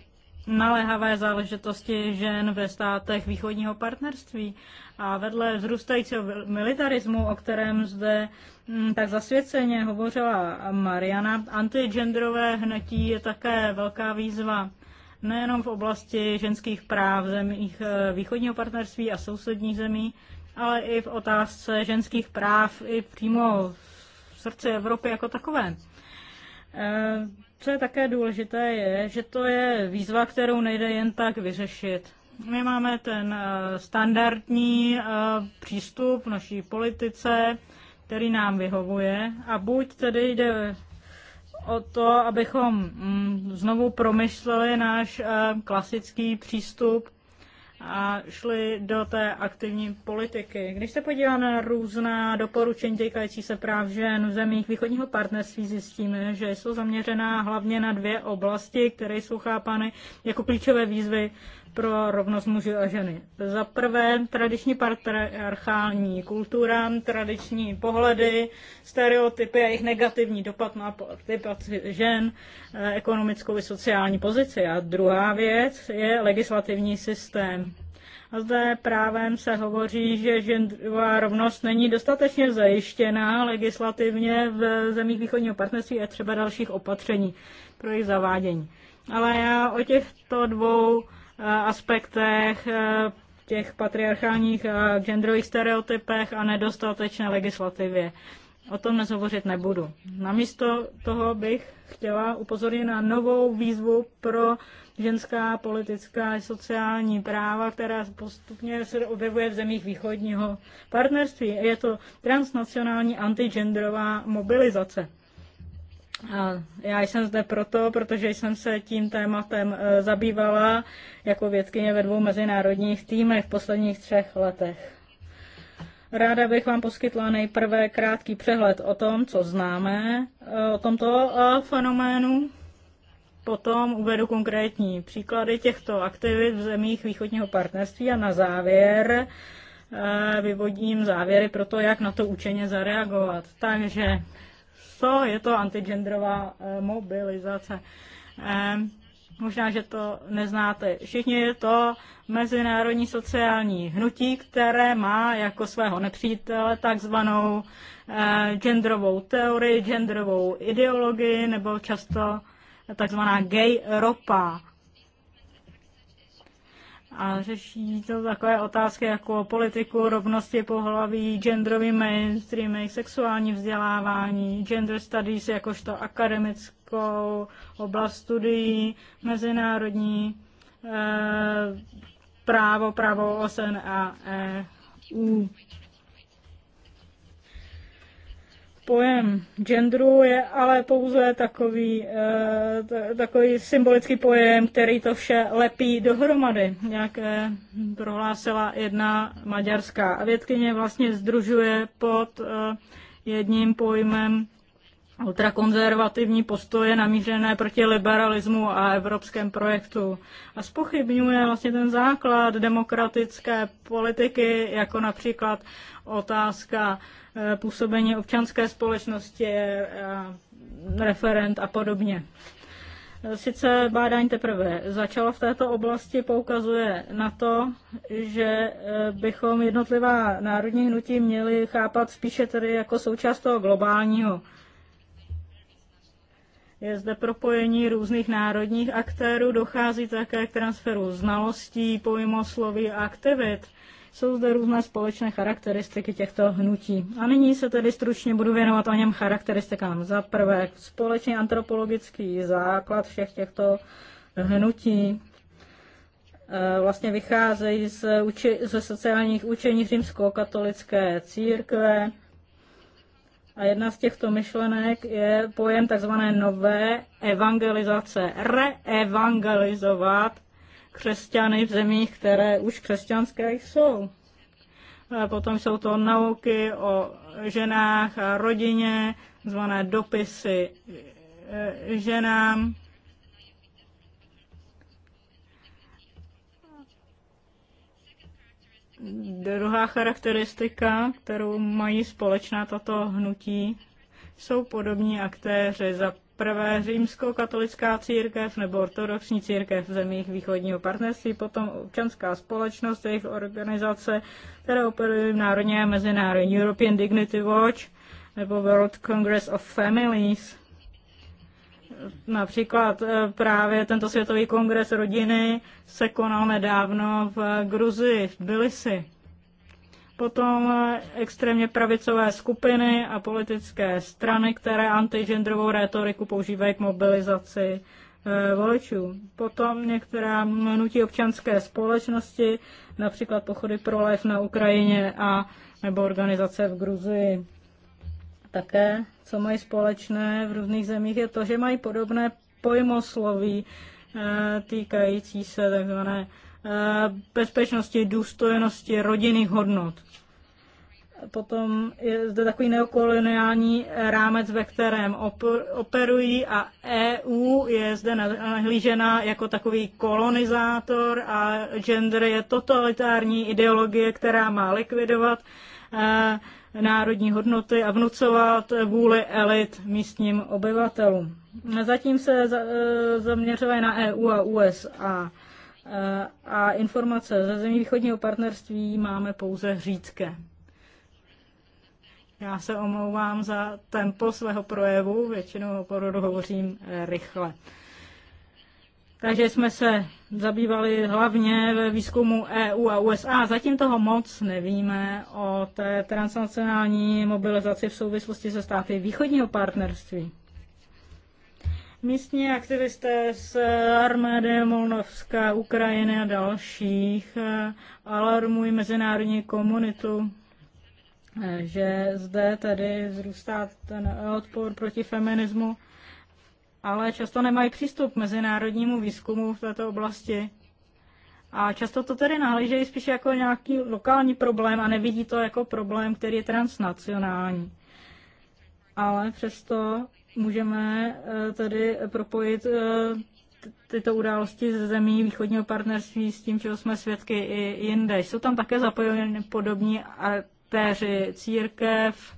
naléhavé záležitosti žen ve státech východního partnerství. A vedle vzrůstajícího militarismu, o kterém zde mm, tak zasvěceně hovořila Mariana, antigenderové hnutí je také velká výzva nejenom v oblasti ženských práv zemích e, východního partnerství a sousedních zemí, ale i v otázce ženských práv i přímo v srdci Evropy jako takové. E, co je také důležité, je, že to je výzva, kterou nejde jen tak vyřešit. My máme ten eh, standardní eh, přístup v naší politice, který nám vyhovuje a buď tedy jde o to, abychom mm, znovu promysleli náš eh, klasický přístup a šli do té aktivní politiky. Když se podíváme na různá doporučení týkající se práv žen v zemích východního partnerství, zjistíme, že jsou zaměřená hlavně na dvě oblasti, které jsou chápány jako klíčové výzvy pro rovnost mužů a ženy. Za prvé, tradiční patriarchální kultura, tradiční pohledy, stereotypy a jejich negativní dopad na participaci žen, eh, ekonomickou i sociální pozici. A druhá věc je legislativní systém. A zde právem se hovoří, že genderová rovnost není dostatečně zajištěná legislativně v zemích východního partnerství a třeba dalších opatření pro jejich zavádění. Ale já o těchto dvou Eh, aspektech, eh, těch patriarchálních a genderových stereotypech a nedostatečné legislativě. O tom nezhovořit nebudu. Namísto toho bych chtěla upozornit na novou výzvu pro ženská politická a sociální práva, která postupně se objevuje v zemích východního partnerství. Je to transnacionální antigenderová mobilizace. A já jsem zde proto, protože jsem se tím tématem e, zabývala jako vědkyně ve dvou mezinárodních týmech v posledních třech letech. Ráda bych vám poskytla nejprve krátký přehled o tom, co známe e, o tomto e, fenoménu. Potom uvedu konkrétní příklady těchto aktivit v zemích východního partnerství a na závěr vyvodím závěry pro to, jak na to učeně zareagovat. Takže co je to antigendrová eh, mobilizace. Možná, že to neznáte. Všichni je to mezinárodní sociální hnutí, které má jako svého nepřítele takzvanou eh, genderovou teorii, genderovou ideologii nebo často takzvaná gay ropa a řeší to takové otázky jako politiku, rovnosti pohlaví, genderový mainstreaming, sexuální vzdělávání, gender studies jakožto akademickou oblast studií, mezinárodní e, právo, právo OSN a EU. Pojem genderu je ale pouze takový, eh, takový symbolický pojem, který to vše lepí dohromady, jak eh, prohlásila jedna maďarská vědkyně, vlastně združuje pod eh, jedním pojmem ultrakonzervativní postoje namířené proti liberalismu a evropském projektu a spochybňuje vlastně ten základ demokratické politiky, jako například otázka eh, působení občanské společnosti, eh, referent a podobně. Sice bádání teprve začalo v této oblasti, poukazuje na to, že eh, bychom jednotlivá národní hnutí měli chápat spíše tedy jako součást toho globálního je zde propojení různých národních aktérů, dochází také k transferu znalostí, pojmosloví a aktivit. Jsou zde různé společné charakteristiky těchto hnutí. A nyní se tedy stručně budu věnovat o něm charakteristikám. Za prvé, společný antropologický základ všech těchto hnutí e, vlastně vycházejí z, uči- ze sociálních učení římskokatolické církve, a jedna z těchto myšlenek je pojem tzv. nové evangelizace. Reevangelizovat křesťany v zemích, které už křesťanské jsou. A potom jsou to nauky o ženách a rodině, zvané dopisy e, ženám, Druhá charakteristika, kterou mají společná tato hnutí, jsou podobní aktéři. Za prvé římskokatolická církev nebo ortodoxní církev v zemích východního partnerství, potom občanská společnost, jejich organizace, které operují v národně a mezinárodní European Dignity Watch nebo World Congress of Families. Například e, právě tento světový kongres rodiny se konal nedávno v Gruzii, v Tbilisi. Potom e, extrémně pravicové skupiny a politické strany, které antigendrovou rétoriku používají k mobilizaci e, voličů. Potom některá nutí občanské společnosti, například pochody pro lev na Ukrajině a nebo organizace v Gruzii také, co mají společné v různých zemích, je to, že mají podobné pojmosloví eh, týkající se takzvané eh, bezpečnosti, důstojnosti, rodinných hodnot. Potom je zde takový neokoloniální rámec, ve kterém operují a EU je zde nahlížena jako takový kolonizátor a gender je totalitární ideologie, která má likvidovat eh, národní hodnoty a vnucovat vůli elit místním obyvatelům. Zatím se e, zaměřuje na EU a USA e, a informace ze zemí východního partnerství máme pouze řídké. Já se omlouvám za tempo svého projevu, většinou opravdu hovořím e, rychle. Takže jsme se zabývali hlavně ve výzkumu EU a USA. Zatím toho moc nevíme o té transnacionální mobilizaci v souvislosti se státy východního partnerství. Místní aktivisté z armády Molnovska, Ukrajiny a dalších eh, alarmují mezinárodní komunitu, eh, že zde tedy vzrůstá ten odpor proti feminismu ale často nemají přístup k mezinárodnímu výzkumu v této oblasti. A často to tedy nahlížejí spíše jako nějaký lokální problém a nevidí to jako problém, který je transnacionální. Ale přesto můžeme eh, tedy propojit eh, tyto události ze zemí východního partnerství s tím, čeho jsme svědky i jinde. Jsou tam také zapojeny podobní aktéři, církev,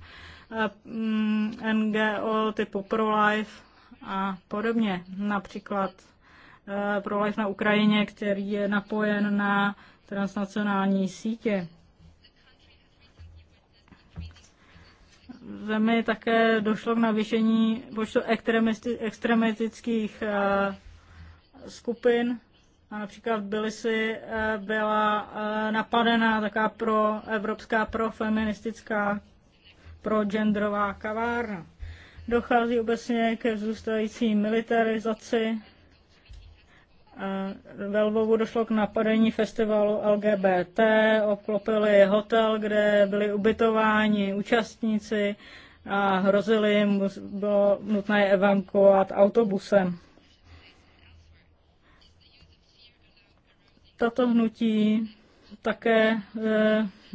eh, NGO typu pro life a podobně. Například eh, pro Life na Ukrajině, který je napojen na transnacionální sítě. V zemi také došlo k navýšení počtu extremistických eh, skupin. A například byly si eh, byla napadená taká pro evropská, pro feministická, pro genderová kavárna. Dochází obecně ke zůstající militarizaci. Ve Lvovu došlo k napadení festivalu LGBT, obklopili hotel, kde byli ubytováni účastníci a hrozili jim, bylo nutné je evakuovat autobusem. Tato hnutí také e,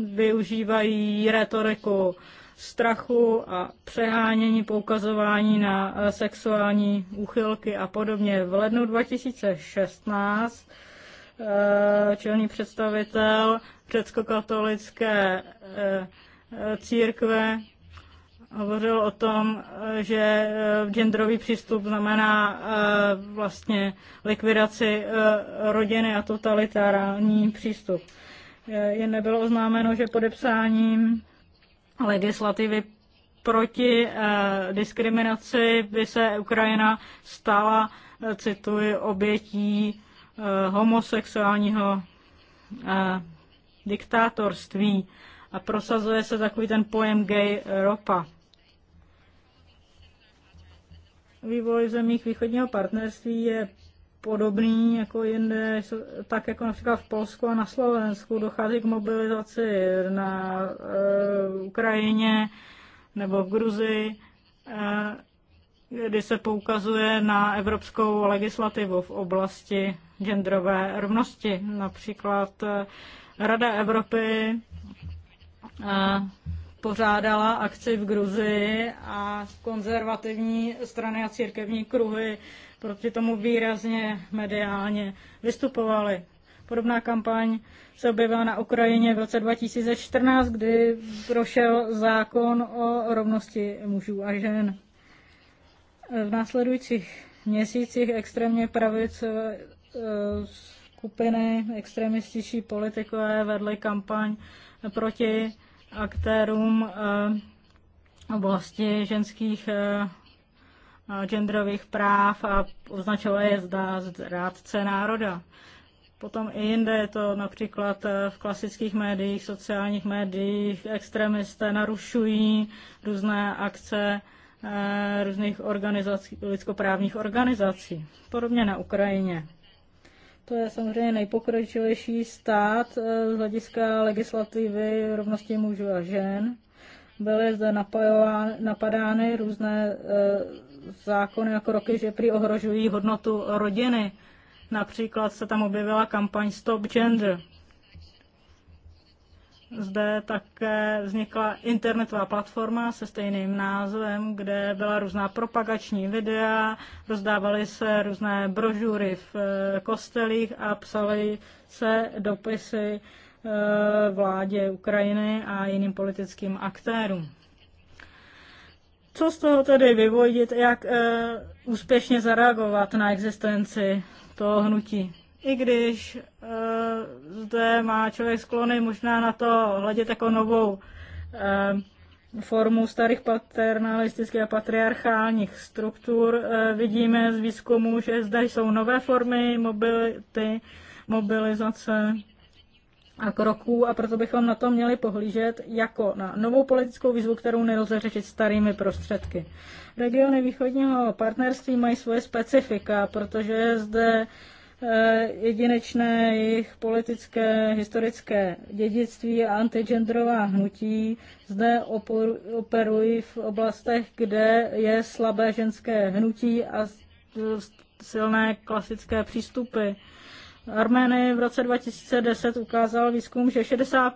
využívají retoriku strachu a přehánění poukazování na eh, sexuální úchylky a podobně. V lednu 2016 eh, čelný představitel řecko-katolické eh, církve hovořil o tom, že genderový přístup znamená vlastně likvidaci rodiny a totalitární přístup. Jen nebylo oznámeno, že podepsáním legislativy proti eh, diskriminaci by se Ukrajina stala, eh, cituji, obětí eh, homosexuálního diktátorství a prosazuje se takový ten pojem gay ropa. Vývoj v zemích východního partnerství je podobný jako jinde, tak jako například v Polsku a na Slovensku dochází k mobilizaci na uh, Ukrajině nebo v Gruzii, uh, kdy se poukazuje na evropskou legislativu v oblasti genderové rovnosti. Například eh, Rada Evropy uh, pořádala akci v Gruzii a konzervativní strany a církevní kruhy proti tomu výrazně mediálně vystupovaly. Podobná kampaň se objevila na Ukrajině v roce 2014, kdy prošel zákon o rovnosti mužů a žen. V následujících měsících extrémně pravicové eh, skupiny, extremističtí politikové vedly kampaň proti aktérům eh, oblasti ženských eh, genderových práv a označoval je zda rádce národa. Potom i jinde je to například eh, v klasických médiích, sociálních médiích, extremisté narušují různé akce různých organizací, lidskoprávních organizací. Podobně na Ukrajině. To je samozřejmě nejpokročilejší stát eh, z hlediska legislativy rovnosti mužů a žen. Byly zde napadány různé eh, zákony jako roky, že prý ohrožují hodnotu rodiny. Například se tam objevila kampaň Stop Gender, zde také vznikla internetová platforma se stejným názvem, kde byla různá propagační videa, rozdávaly se různé brožury v eh, kostelích a psaly se dopisy eh, vládě Ukrajiny a jiným politickým aktérům. Co z toho tedy vyvodit, jak eh, úspěšně zareagovat na existenci toho hnutí? I když zde má člověk sklony možná na to hledět jako novou eh, formu starých paternalistických a patriarchálních struktur. Eh, vidíme z výzkumu, že zde jsou nové formy mobility, mobilizace a kroků a proto bychom na to měli pohlížet jako na novou politickou výzvu, kterou nelze řešit starými prostředky. Regiony východního partnerství mají svoje specifika, protože zde Eh, jedinečné jejich politické, historické dědictví a antigendrová hnutí zde operují v oblastech, kde je slabé ženské hnutí a silné klasické přístupy. Armény v roce 2010 ukázal výzkum, že 60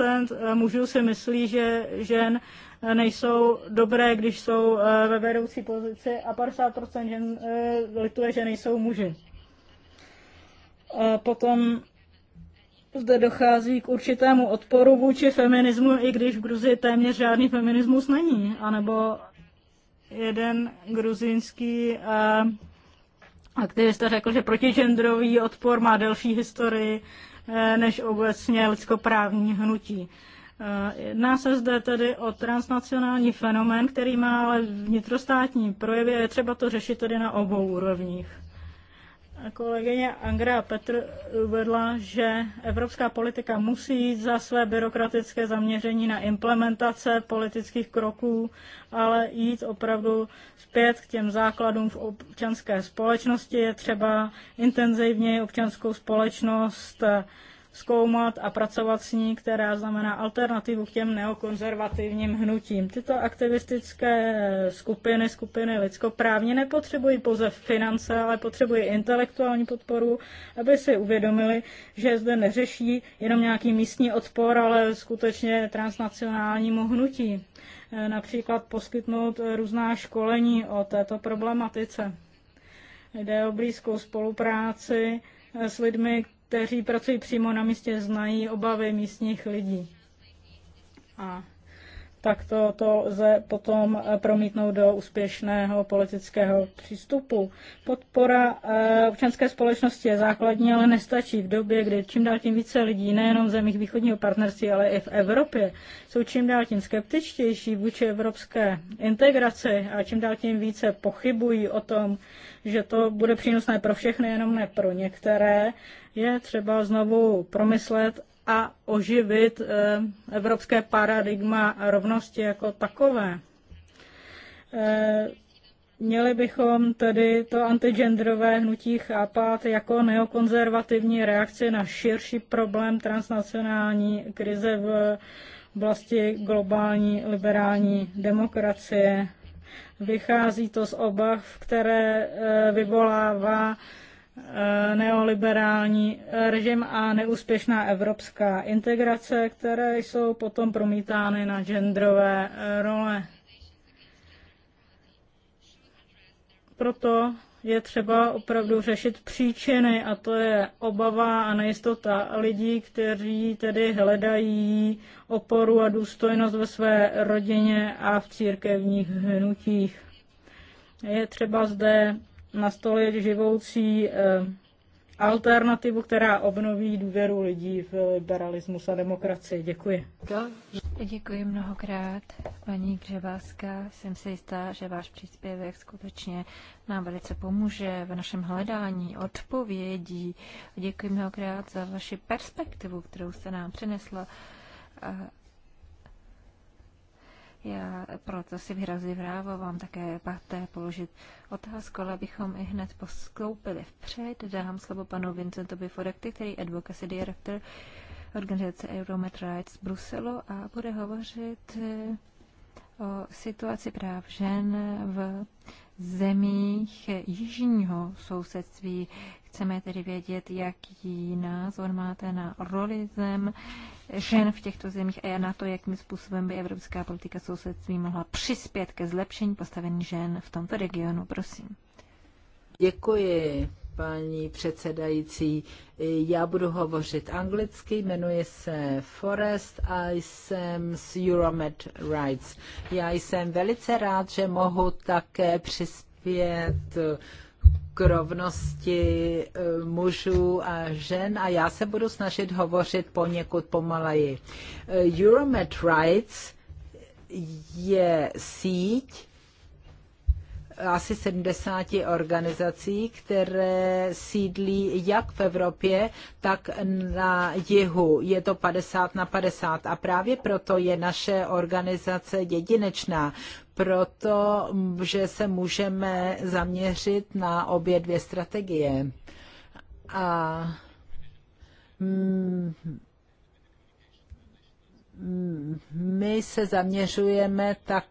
eh, mužů si myslí, že žen eh, nejsou dobré, když jsou ve vedoucí pozici a 50 žen lituje, že nejsou muži potom zde dochází k určitému odporu vůči feminismu, i když v Gruzii téměř žádný feminismus není. A nebo jeden gruzínský eh, aktivista řekl, že protigendrový odpor má delší historii eh, než obecně lidskoprávní hnutí. Eh, jedná se zde tedy o transnacionální fenomén, který má ale vnitrostátní projevy a je třeba to řešit tedy na obou úrovních. Kolegyně Angra Petr uvedla, že evropská politika musí jít za své byrokratické zaměření na implementace politických kroků, ale jít opravdu zpět k těm základům v občanské společnosti. Je třeba intenzivně občanskou společnost zkoumat a pracovat s ní, která znamená alternativu k těm neokonzervativním hnutím. Tyto aktivistické skupiny, skupiny lidskoprávně nepotřebují pouze finance, ale potřebují intelektuální podporu, aby si uvědomili, že zde neřeší jenom nějaký místní odpor, ale skutečně transnacionálnímu hnutí. Například poskytnout různá školení o této problematice. Jde o blízkou spolupráci s lidmi, kteří pracují přímo na místě, znají obavy místních lidí. A tak to, to lze potom eh, promítnout do úspěšného politického přístupu. Podpora eh, občanské společnosti je základní, ale nestačí v době, kdy čím dál tím více lidí, nejenom v zemích východního partnerství, ale i v Evropě, jsou čím dál tím skeptičtější vůči evropské integraci a čím dál tím více pochybují o tom, že to bude přínosné pro všechny, jenom ne pro některé, je třeba znovu promyslet a oživit eh, evropské paradigma rovnosti jako takové. Eh, měli bychom tedy to antigendrové hnutí chápat jako neokonzervativní reakci na širší problém transnacionální krize v oblasti globální liberální demokracie. Vychází to z obav, které eh, vyvolává Eh, neoliberální režim a neúspěšná evropská integrace, které jsou potom promítány na genderové eh, role. Proto je třeba opravdu řešit příčiny a to je obava a nejistota lidí, kteří tedy hledají oporu a důstojnost ve své rodině a v církevních hnutích. Je třeba zde nastolit živoucí eh, alternativu, která obnoví důvěru lidí v liberalismus a demokracii. Děkuji. Děkuji mnohokrát, paní Křeváska. Jsem si jistá, že váš příspěvek skutečně nám velice pomůže v našem hledání odpovědí. Děkuji mnohokrát za vaši perspektivu, kterou jste nám přinesla. Já proto si vyrazím právo vám také páté položit otázku, ale abychom i hned poskloupili vpřed. Dám slovo panu Vincentovi Forekty, který je advocacy director organizace Euromed Rights v Bruselu a bude hovořit eh, o situaci práv žen v zemích jižního sousedství. Chceme tedy vědět, jaký názor máte na roli zem žen v těchto zemích a na to, jakým způsobem by evropská politika sousedství mohla přispět ke zlepšení postavení žen v tomto regionu. Prosím. Děkuji, paní předsedající. Já budu hovořit anglicky, jmenuji se Forest a jsem z Euromed Rights. Já jsem velice rád, že mohu také přispět k rovnosti e, mužů a žen a já se budu snažit hovořit poněkud pomaleji. E, Euromed Rights je síť asi 70 organizací, které sídlí jak v Evropě, tak na jihu. Je to 50 na 50 a právě proto je naše organizace jedinečná proto, že se můžeme zaměřit na obě dvě strategie. A my se zaměřujeme tak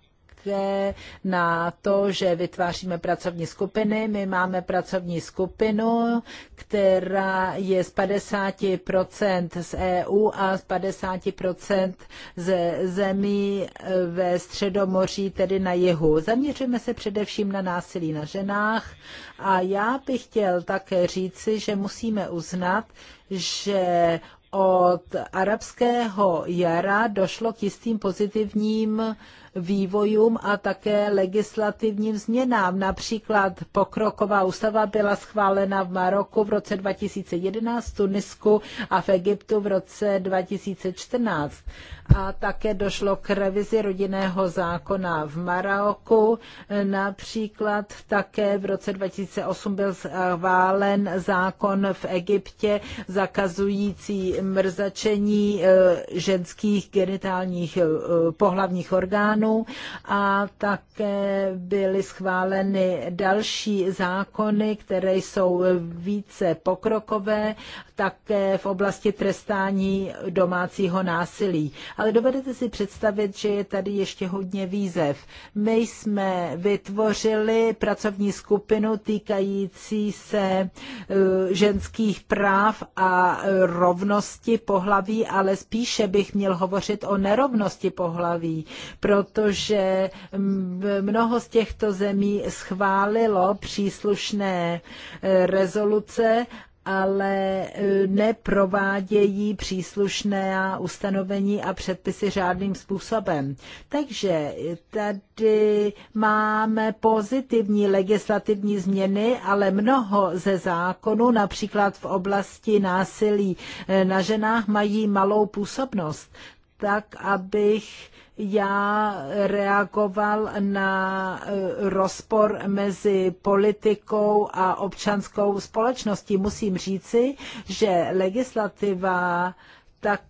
také na to, že vytváříme pracovní skupiny. My máme pracovní skupinu, která je z 50% z EU a z 50% ze zemí ve Středomoří, tedy na jihu. Zaměřujeme se především na násilí na ženách a já bych chtěl také říci, že musíme uznat, že od arabského jara došlo k jistým pozitivním vývojům a také legislativním změnám. Například pokroková ústava byla schválena v Maroku v roce 2011, v Tunisku a v Egyptu v roce 2014. A také došlo k revizi rodinného zákona v Maroku. Například také v roce 2008 byl schválen zákon v Egyptě zakazující mrzačení eh, ženských genitálních eh, pohlavních orgánů orgánů a také byly schváleny další zákony, které jsou více pokrokové, také v oblasti trestání domácího násilí. Ale dovedete si představit, že je tady ještě hodně výzev. My jsme vytvořili pracovní skupinu týkající se eh, ženských práv a eh, rovnosti pohlaví, ale spíše bych měl hovořit o nerovnosti pohlaví, proto protože mnoho z těchto zemí schválilo příslušné e, rezoluce ale e, neprovádějí příslušné ustanovení a předpisy řádným způsobem. Takže tady máme pozitivní legislativní změny, ale mnoho ze zákonů, například v oblasti násilí e, na ženách, mají malou působnost. Tak, abych já reagoval na eh, rozpor mezi politikou a občanskou společností. Musím říci, že legislativa tak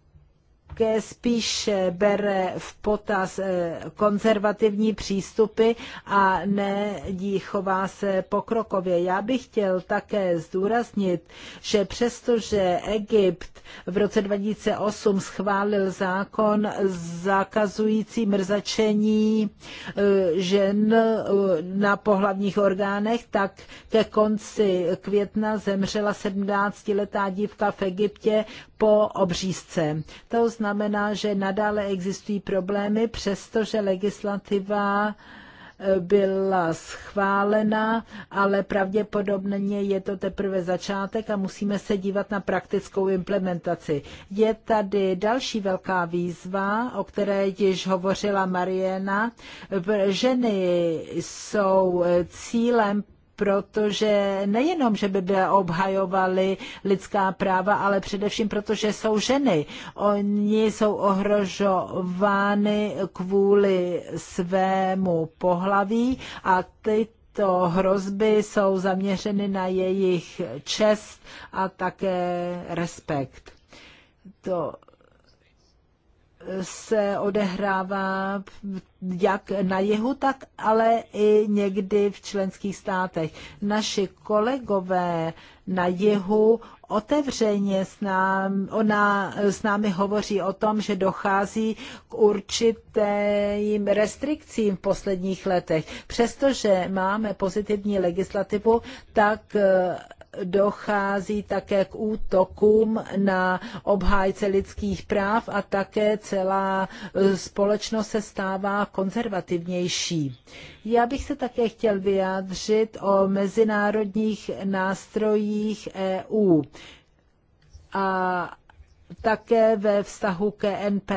také spíš bere v potaz eh, konzervativní přístupy a ne chová se pokrokově. Já bych chtěl také zdůraznit, že přestože Egypt v roce 2008 schválil zákon zakazující mrzačení eh, žen eh, na pohlavních orgánech, tak ke konci května zemřela 17-letá dívka v Egyptě po obřízce. To znamená, že nadále existují problémy, přestože legislativa eh, byla schválena, ale pravděpodobně je to teprve začátek a musíme se dívat na praktickou implementaci. Je tady další velká výzva, o které již hovořila Mariana. Ženy jsou cílem protože nejenom, že by byla obhajovali lidská práva, ale především proto, že jsou ženy. Oni jsou ohrožovány kvůli svému pohlaví a ty tyto hrozby jsou zaměřeny na jejich čest a také respekt. To se odehrává jak na jihu, tak ale i někdy v členských státech. Naši kolegové na jihu otevřeně s, nám, ona, s námi hovoří o tom, že dochází k určitým restrikcím v posledních letech. Přestože máme pozitivní legislativu, tak dochází také k útokům na obhájce lidských práv a také celá e, společnost se stává konzervativnější. Já bych se také chtěl vyjádřit o mezinárodních nástrojích EU a také ve vztahu k NP.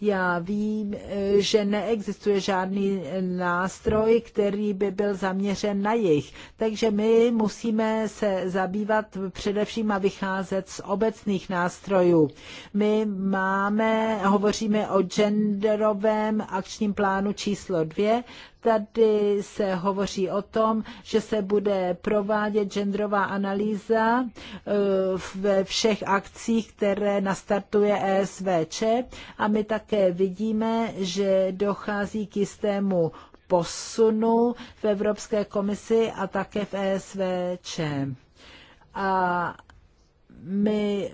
Já vím, eh, že neexistuje žádný nástroj, který by byl zaměřen na jich. Takže my musíme se zabývat především a vycházet z obecných nástrojů. My máme, hovoříme o genderovém akčním plánu číslo dvě, tady se hovoří o tom, že se bude provádět genderová analýza eh, ve všech akcích, které nastartuje ESVČ a my tak také vidíme, že dochází k jistému posunu v Evropské komisi a také v ESVČ. A my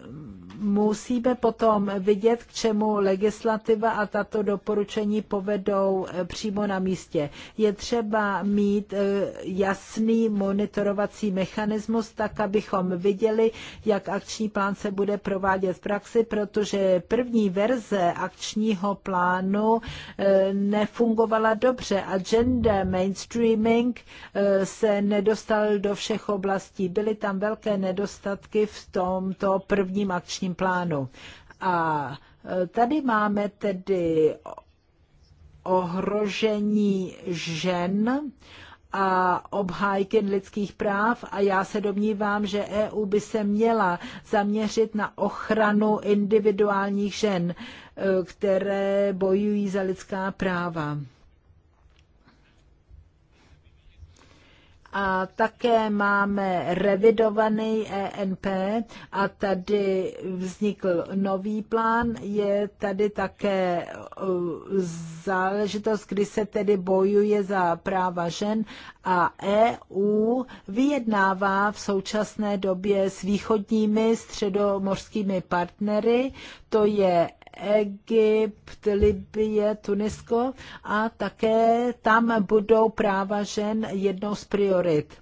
musíme potom vidět, k čemu legislativa a tato doporučení povedou eh, přímo na místě. Je třeba mít eh, jasný monitorovací mechanismus, tak abychom viděli, jak akční plán se bude provádět v praxi, protože první verze akčního plánu eh, nefungovala dobře a gender mainstreaming se nedostal do všech oblastí. Byly tam velké nedostatky v tom, tomto prvním akčním plánu. A e, tady máme tedy ohrožení žen a obhájky lidských práv a já se domnívám, že EU by se měla zaměřit na ochranu individuálních žen, e, které bojují za lidská práva. A také máme revidovaný ENP a tady vznikl nový plán. Je tady také uh, záležitost, kdy se tedy bojuje za práva žen a EU vyjednává v současné době s východními středomořskými partnery, to je Egypt, Libie, Tunisko a také tam budou práva žen jednou z priorit.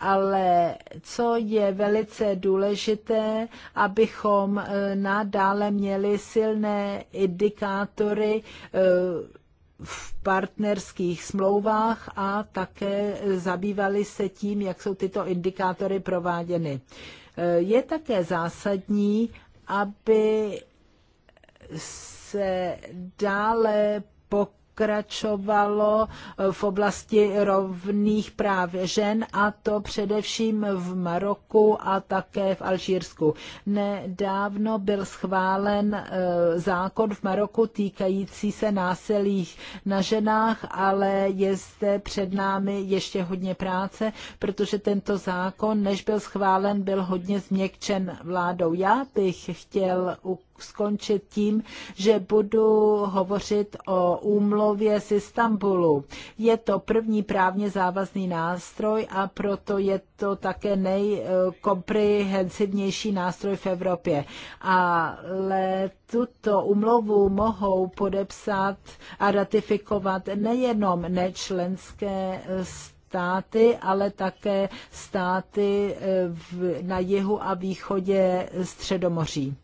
Ale co je velice důležité, abychom eh, nadále měli silné indikátory eh, v partnerských smlouvách a také zabývali se tím, jak jsou tyto indikátory prováděny. Eh, je také zásadní, aby se dále pokračovalo pokračovalo eh, v oblasti rovných práv žen a to především v Maroku a také v Alžírsku. Nedávno byl schválen eh, zákon v Maroku týkající se násilí na ženách, ale je zde před námi ještě hodně práce, protože tento zákon, než byl schválen, byl hodně změkčen vládou. Já bych chtěl ukázat, skončit tím, že budu hovořit o úmluvě z Istanbulu. Je to první právně závazný nástroj a proto je to také nejkomprehensivnější nástroj v Evropě. Ale tuto úmluvu mohou podepsat a ratifikovat nejenom nečlenské státy, ale také státy eh, na jihu a východě Středomoří.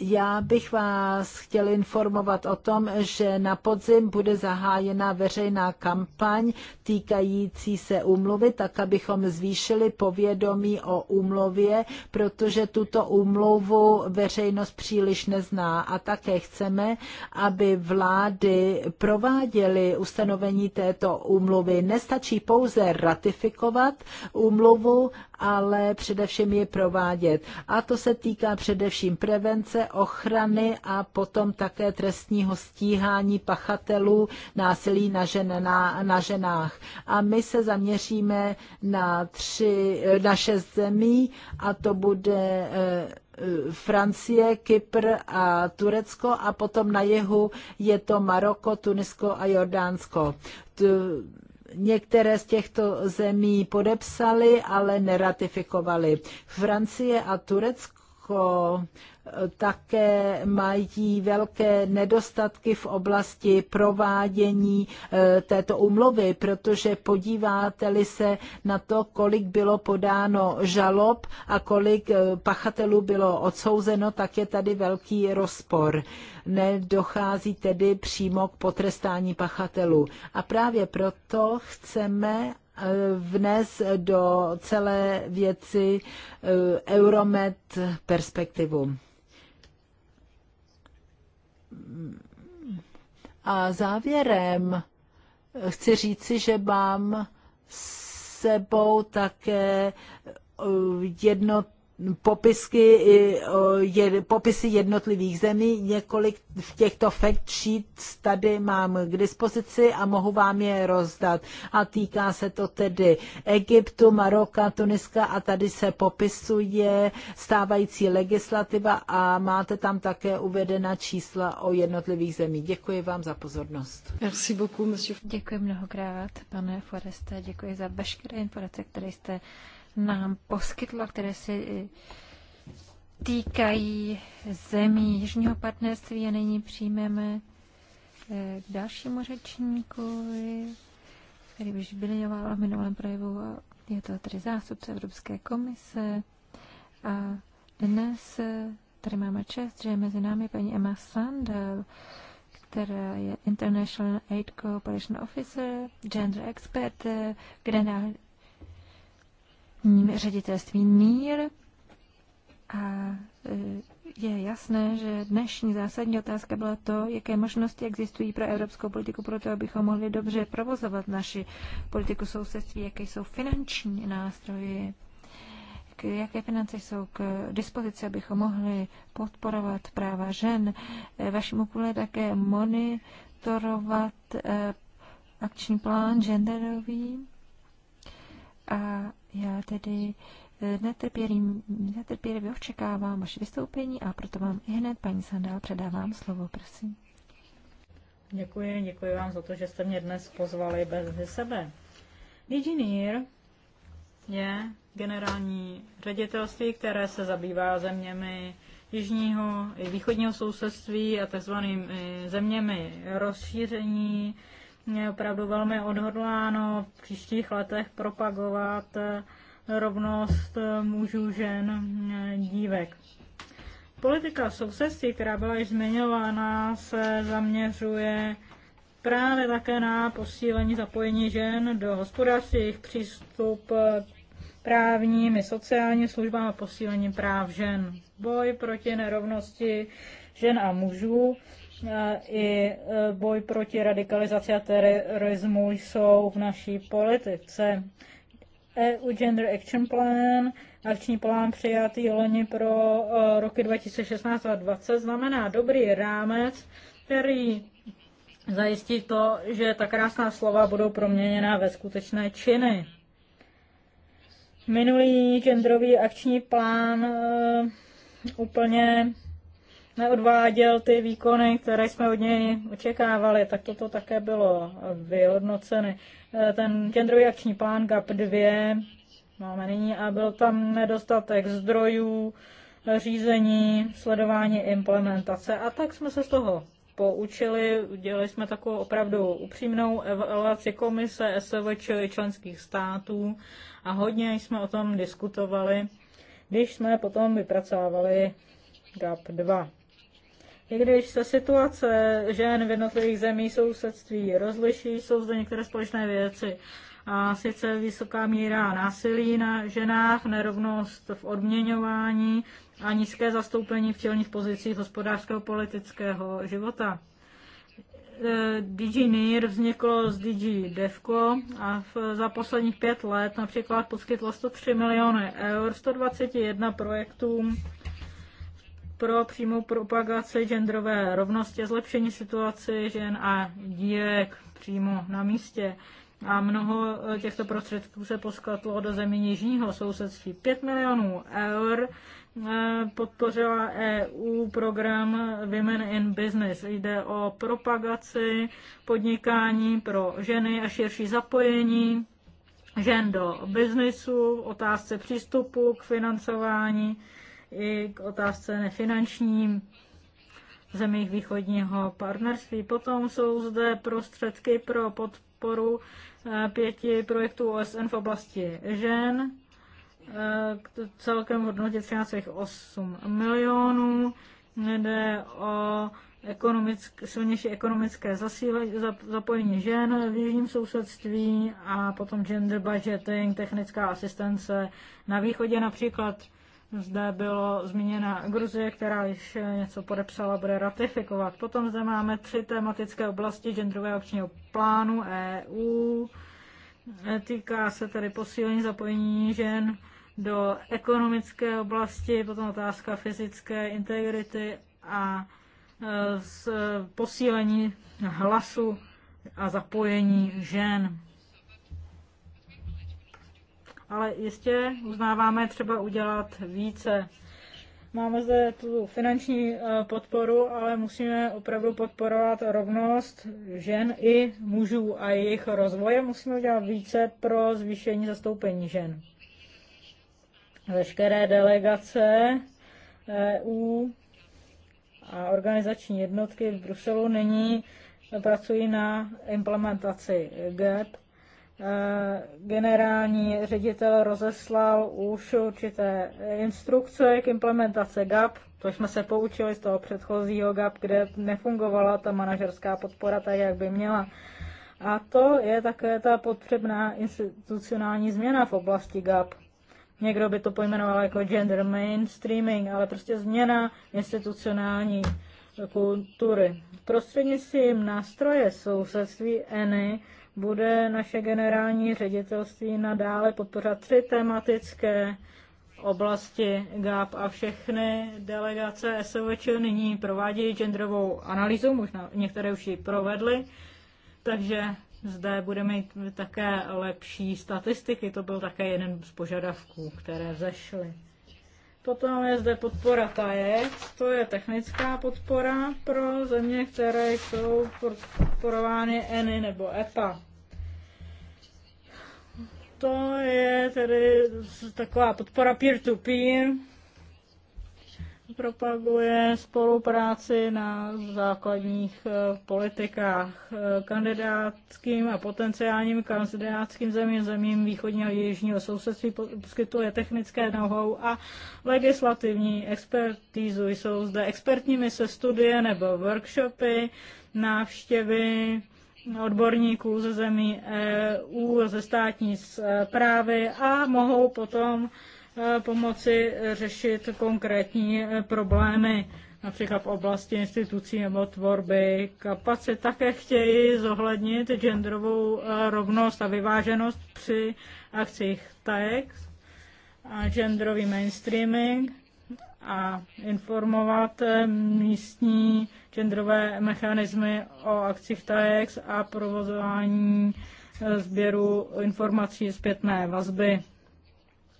Já bych vás chtěl informovat o tom, že na podzim bude zahájena veřejná kampaň týkající se úmluvy, tak abychom zvýšili povědomí o úmluvě, protože tuto úmluvu veřejnost příliš nezná a také chceme, aby vlády prováděly ustanovení této úmluvy. Nestačí pouze ratifikovat úmluvu, ale především je provádět. A to se týká především prevence ochrany a potom také trestního stíhání pachatelů násilí na, žen, na, na ženách. A my se zaměříme na, tři, na šest zemí a to bude eh, Francie, Kypr a Turecko a potom na jihu je to Maroko, Tunisko a Jordánsko. Tu, některé z těchto zemí podepsali, ale neratifikovali. Francie a Turecko také mají velké nedostatky v oblasti provádění eh, této umluvy, protože podíváte-li se na to, kolik bylo podáno žalob a kolik eh, pachatelů bylo odsouzeno, tak je tady velký rozpor. Nedochází tedy přímo k potrestání pachatelů. A právě proto chceme, eh, vnes do celé věci Euromed perspektivu. A závěrem chci říci, že mám sebou také eh, jednotlivé popisky, je, popisy jednotlivých zemí. Několik v těchto fact sheets tady mám k dispozici a mohu vám je rozdat. A týká se to tedy Egyptu, Maroka, Tuniska a tady se popisuje stávající legislativa a máte tam také uvedena čísla o jednotlivých zemích. Děkuji vám za pozornost. Merci beaucoup, monsieur. Děkuji mnohokrát, pane Foreste, děkuji za veškeré informace, které jste nám poskytlo, které se eh, týkají zemí Jižního partnerství a nyní přijmeme k eh, dalšímu řečníku, který už vyliňoval v minulém projevu. Je to tedy zástupce Evropské komise a dnes eh, tady máme čest, že je mezi námi paní Emma Sandel, která je International Aid Cooperation Officer, gender expert, generální ním ředitelství NIR. A e, je jasné, že dnešní zásadní otázka byla to, jaké možnosti existují pro evropskou politiku proto abychom mohli dobře provozovat naši politiku sousedství, jaké jsou finanční nástroje, jaké finance jsou k dispozici, abychom mohli podporovat práva žen. E, vaším úkolem je také monitorovat e, akční plán genderový a já tedy eh, netrpělivě očekávám vaše vystoupení a proto vám i hned, paní Sandál, předávám slovo, prosím. Děkuji, děkuji vám za to, že jste mě dnes pozvali bez sebe. Inženýr je generální ředitelství, které se zabývá zeměmi jižního i východního sousedství a tzv. zeměmi rozšíření, je opravdu velmi odhodláno v příštích letech propagovat eh, rovnost eh, mužů, žen, eh, dívek. Politika sousedství, která byla již zmiňována, se zaměřuje právě také na posílení zapojení žen do hospodářství, jejich přístup právními, sociálními službám a posílení práv žen. Boj proti nerovnosti žen a mužů i e, boj proti radikalizaci a terorismu jsou v naší politice. EU Gender Action Plan, akční plán přijatý loni pro e, roky 2016 a 2020, znamená dobrý rámec, který zajistí to, že ta krásná slova budou proměněna ve skutečné činy. Minulý genderový akční plán e, úplně neodváděl ty výkony, které jsme od něj očekávali, tak toto také bylo vyhodnoceny. Eh, ten genderový akční plán GAP 2 máme nyní a byl tam nedostatek zdrojů, řízení, sledování implementace a tak jsme se z toho poučili, udělali jsme takovou opravdu upřímnou evaluaci komise SVČ členských států a hodně jsme o tom diskutovali, když jsme potom vypracovali GAP 2. I když se situace žen v jednotlivých zemích sousedství rozliší, jsou zde některé společné věci. A sice vysoká míra násilí na ženách, nerovnost v odměňování a nízké zastoupení v čelních pozicích hospodářského politického života. E, DG NIR vzniklo z DG DEVCO a v, za posledních pět let například poskytlo 103 miliony eur 121 projektům pro přímou propagaci genderové rovnosti a zlepšení situaci žen a dívek přímo na místě. A mnoho eh, těchto prostředků se poskatlo do zemí jižního sousedství. 5 milionů eur eh, podpořila EU program Women in Business. Jde o propagaci podnikání pro ženy a širší zapojení žen do biznisu, otázce přístupu k financování i k otázce nefinančním zemích východního partnerství. Potom jsou zde prostředky pro podporu eh, pěti projektů OSN v oblasti žen, eh, k celkem hodnotě 13,8 milionů. Jde o ekonomick, silnější ekonomické zasíle, zapojení žen v jižním sousedství a potom gender budgeting, technická asistence na východě například zde bylo zmíněna Gruzie, která již něco podepsala, bude ratifikovat. Potom zde máme tři tematické oblasti genderového akčního plánu EU. Týká se tedy posílení zapojení žen do ekonomické oblasti, potom otázka fyzické integrity a e, posílení hlasu a zapojení žen ale jistě uznáváme třeba udělat více. Máme zde tu finanční eh, podporu, ale musíme opravdu podporovat rovnost žen i mužů a jejich rozvoje. Musíme udělat více pro zvýšení zastoupení žen. Veškeré delegace EU a organizační jednotky v Bruselu nyní pracují na implementaci GAP e Eh, generální ředitel rozeslal už určité instrukce k implementaci GAP. To jsme se poučili z toho předchozího GAP, kde nefungovala ta manažerská podpora tak, jak by měla. A to je také ta potřebná institucionální změna v oblasti GAP. Někdo by to pojmenoval jako gender mainstreaming, ale prostě změna institucionální kultury. Prostřednictvím nástroje sousedství ENY bude naše generální ředitelství nadále podporovat tři tematické oblasti GAP a všechny delegace SOVČ nyní provádějí genderovou analýzu, možná některé už ji provedly, takže zde budeme mít také lepší statistiky, to byl také jeden z požadavků, které zešly. Potom je zde podpora TAE, to je technická podpora pro země, které jsou podporovány ENI nebo EPA. To je tedy taková podpora peer-to-peer, -peer, propaguje spolupráci na základních eh, politikách eh, kandidátským a potenciálním kandidátským zemím, zemím východního a jižního sousedství, poskytuje technické nohou a legislativní expertízu. Jsou zde expertními se studie nebo workshopy, návštěvy odborníků ze zemí EU, ze státní zprávy eh, a mohou potom Eh, pomoci řešit konkrétní eh, problémy, například v oblasti institucí nebo tvorby kapacit. Také chtějí zohlednit genderovou eh, rovnost a vyváženost při akcích TAEX a genderový mainstreaming a informovat místní genderové mechanismy o akcích TAEX a provozování sběru informací zpětné vazby.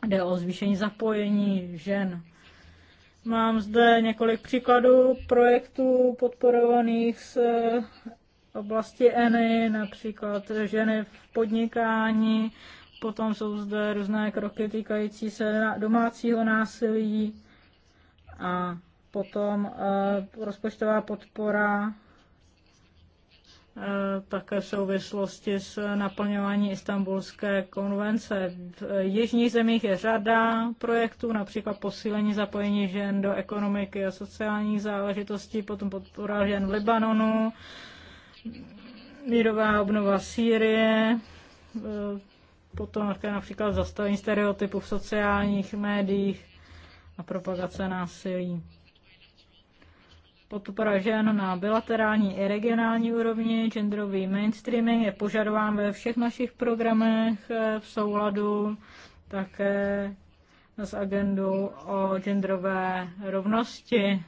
Jde o zvýšení zapojení žen. Mám zde několik příkladů projektů podporovaných z eh, oblasti ENY, například ženy v podnikání, potom jsou zde různé kroky týkající se domácího násilí a potom eh, rozpočtová podpora Eh, také v souvislosti s naplňování Istanbulské konvence. V jižních zemích je řada projektů, například posílení zapojení žen do ekonomiky a sociálních záležitostí, potom podpora žen v Libanonu, mírová obnova Sýrie, eh, potom také například zastavení stereotypů v sociálních médiích a propagace násilí podpora žen na bilaterální i regionální úrovni, genderový mainstreaming je požadován ve všech našich programech eh, v souladu také s agendou o genderové rovnosti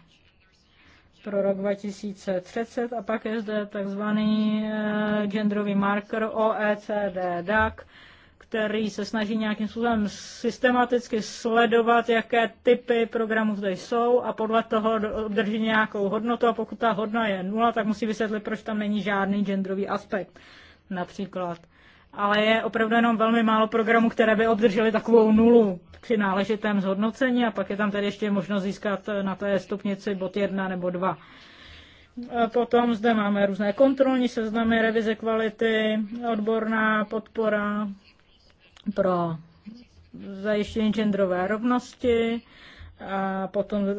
pro rok 2030 a pak je zde takzvaný eh, genderový marker OECD DAC, který se snaží nějakým způsobem systematicky sledovat, jaké typy programů zde jsou a podle toho obdrží nějakou hodnotu a pokud ta hodna je nula, tak musí vysvětlit, proč tam není žádný genderový aspekt například. Ale je opravdu jenom velmi málo programů, které by obdržely takovou nulu při náležitém zhodnocení a pak je tam tedy ještě možnost získat na té stupnici bod 1 nebo 2. Potom zde máme různé kontrolní seznamy, revize kvality, odborná podpora, pro zajištění genderové rovnosti a potom e,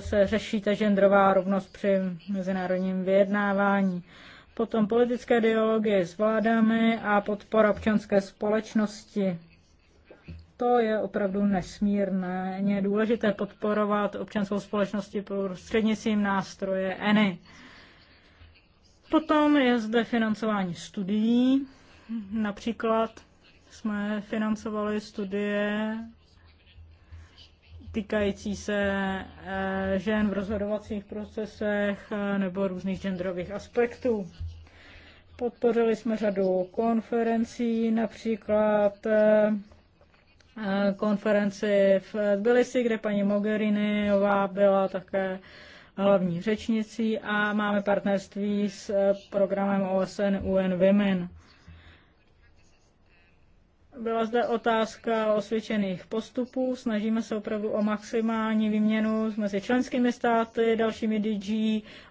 se řeší ta genderová rovnost při mezinárodním vyjednávání. Potom politické dialogy s vládami a podpora občanské společnosti. To je opravdu nesmírné. Je důležité podporovat občanskou společnosti prostřednictvím nástroje ENY. Potom je zde financování studií, například jsme financovali studie týkající se eh, žen v rozhodovacích procesech eh, nebo různých genderových aspektů. Podpořili jsme řadu konferencí, například eh, konferenci v Tbilisi, kde paní Mogheriniová byla také hlavní řečnicí a máme partnerství s programem OSN UN Women. Byla zde otázka osvědčených postupů. Snažíme se opravdu o maximální výměnu mezi členskými státy, dalšími DG,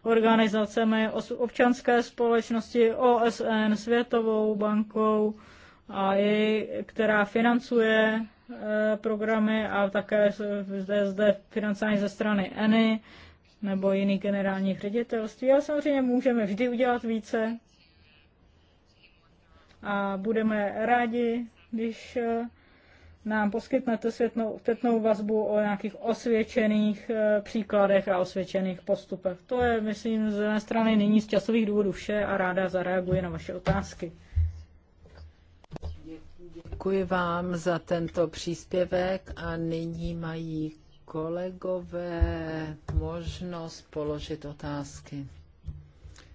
organizacemi občanské společnosti, OSN, Světovou bankou, a i, která financuje eh, programy a také zde, zde financování ze strany ENI nebo jiných generálních ředitelství. A samozřejmě můžeme vždy udělat více a budeme rádi, když eh, nám poskytnete světnou, zpětnou vazbu o nějakých osvědčených eh, příkladech a osvědčených postupech. To je, myslím, z mé strany nyní z časových důvodů vše a ráda zareaguje na vaše otázky. Děkuji vám za tento příspěvek a nyní mají kolegové možnost položit otázky.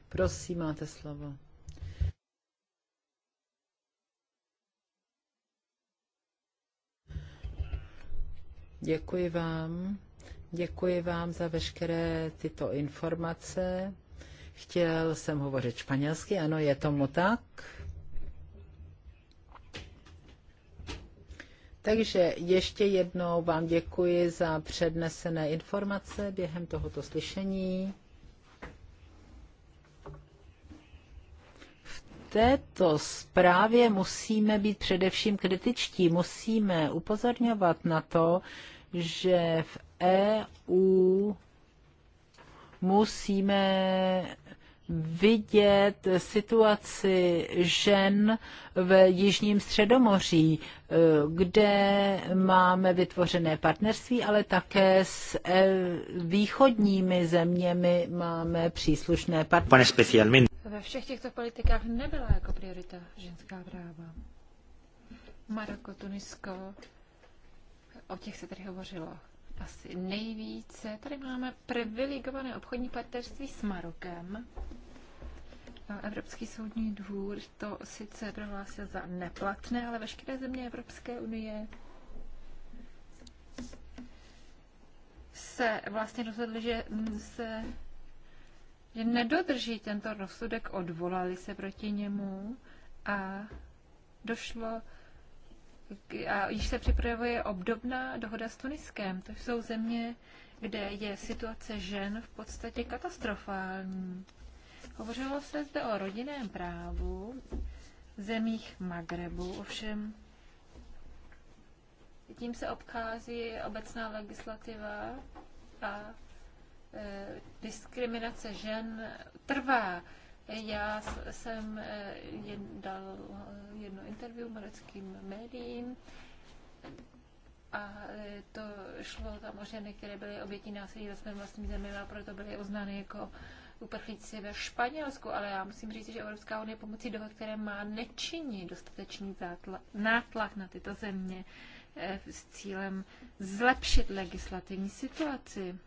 Prosím, máte slovo. Děkuji vám. Děkuji vám za veškeré tyto informace. Chtěl jsem hovořit španělsky, ano, je tomu tak. Takže ještě jednou vám děkuji za přednesené informace během tohoto slyšení. této zprávě musíme být především kritičtí. Musíme upozorňovat na to, že v EU musíme vidět situaci žen v Jižním středomoří, eh, kde máme vytvořené partnerství, ale také s eh, východními zeměmi máme příslušné partnerství. Ve všech těchto politikách nebyla jako priorita ženská práva. Maroko, Tunisko, o těch se tady hovořilo asi nejvíce. Tady máme privilegované obchodní partnerství s Marokem. Evropský soudní dvůr to sice prohlásil za neplatné, ale veškeré země Evropské unie se vlastně rozhodli, že se že nedodrží tento rozsudek, odvolali se proti němu a došlo a již se připravuje obdobná dohoda s Tuniskem. To jsou země, kde je situace žen v podstatě katastrofální. Hovořilo se zde o rodinném právu, zemích Magrebu, ovšem tím se obchází obecná legislativa a e, diskriminace žen trvá. Já jsem eh, dal eh, jedno interview americkým médiím a eh, to šlo tam o ženy, které byly obětí násilí ve svém vlastním zemi a proto byly uznány jako uprchlíci ve Španělsku, ale já musím říct, že Evropská unie pomocí doho, které má, nečiní dostatečný nátlak na tyto země s cílem zlepšit legislativní situaci.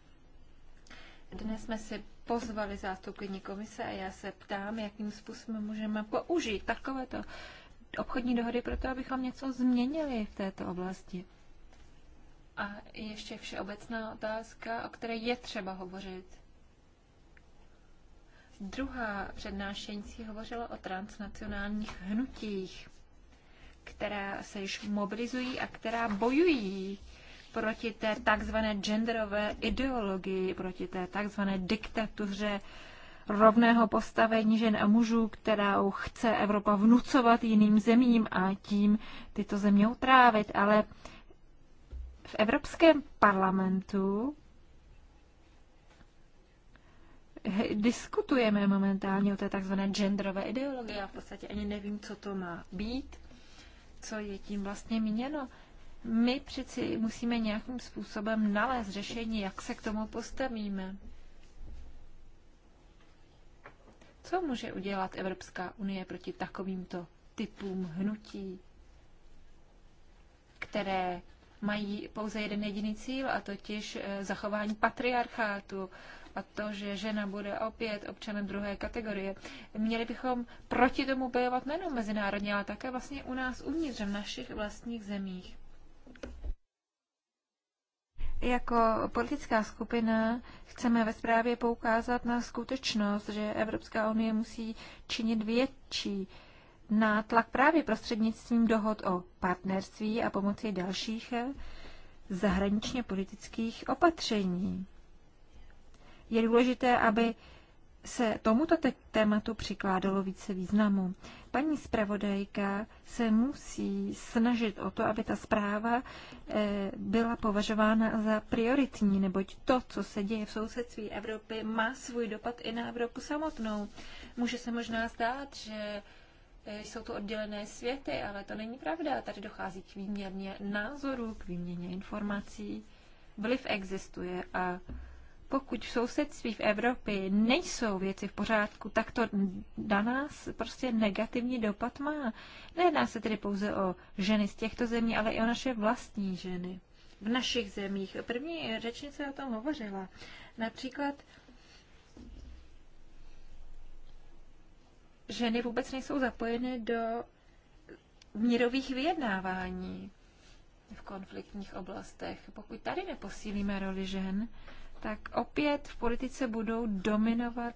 Dnes jsme si pozvali zástupkyni komise a já se ptám, jakým způsobem můžeme použít takovéto obchodní dohody pro to, abychom něco změnili v této oblasti. A ještě všeobecná otázka, o které je třeba hovořit. Druhá přednášející hovořila o transnacionálních hnutích, která se již mobilizují a která bojují proti té takzvané genderové ideologii, proti té takzvané diktatuře rovného postavení žen a mužů, kterou chce Evropa vnucovat jiným zemím a tím tyto země utrávit. Ale v Evropském parlamentu diskutujeme momentálně o té takzvané genderové ideologii. Já v podstatě ani nevím, co to má být, co je tím vlastně míněno my přeci musíme nějakým způsobem nalézt řešení, jak se k tomu postavíme. Co může udělat Evropská unie proti takovýmto typům hnutí, které mají pouze jeden jediný cíl, a totiž eh, zachování patriarchátu a to, že žena bude opět občanem druhé kategorie. Měli bychom proti tomu bojovat nejenom mezinárodně, ale také vlastně u nás uvnitř, v našich vlastních zemích. Jako politická skupina chceme ve zprávě poukázat na skutečnost, že Evropská unie musí činit větší nátlak právě prostřednictvím dohod o partnerství a pomocí dalších zahraničně politických opatření. Je důležité, aby se tomuto tématu přikládalo více významu paní zpravodajka se musí snažit o to, aby ta zpráva eh, byla považována za prioritní, neboť to, co se děje v sousedství Evropy, má svůj dopad i na Evropu samotnou. Může se možná zdát, že eh, jsou to oddělené světy, ale to není pravda. Tady dochází k výměně názorů, k výměně informací. Vliv existuje a pokud v sousedství v Evropě nejsou věci v pořádku, tak to na nás prostě negativní dopad má. Nejedná se tedy pouze o ženy z těchto zemí, ale i o naše vlastní ženy v našich zemích. První řečnice o tom hovořila. Například ženy vůbec nejsou zapojeny do mírových vyjednávání v konfliktních oblastech. Pokud tady neposílíme roli žen, tak opět v politice budou dominovat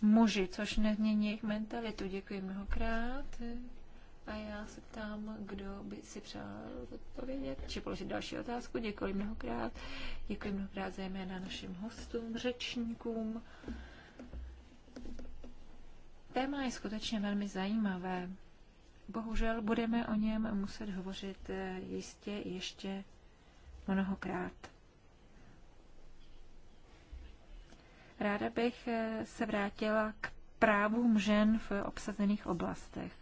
muži, což nezmění jejich mentalitu. Děkuji mnohokrát. A já se ptám, kdo by si přál odpovědět, či položit další otázku. Děkuji mnohokrát. Děkuji mnohokrát zejména našim hostům, řečníkům. Téma je skutečně velmi zajímavé. Bohužel budeme o něm muset hovořit eh, jistě ještě mnohokrát. Ráda bych eh, se vrátila k právům žen v obsazených oblastech.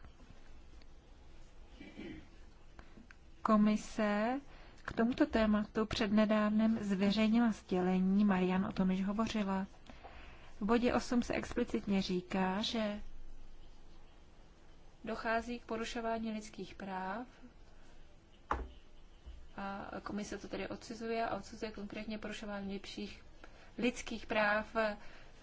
Komise k tomuto tématu přednedávnem zveřejnila sdělení, Marian o tom již hovořila. V bodě 8 se explicitně říká, že dochází k porušování lidských práv a komise to tedy odsuzuje a odsuzuje konkrétně porušování lepších lidských práv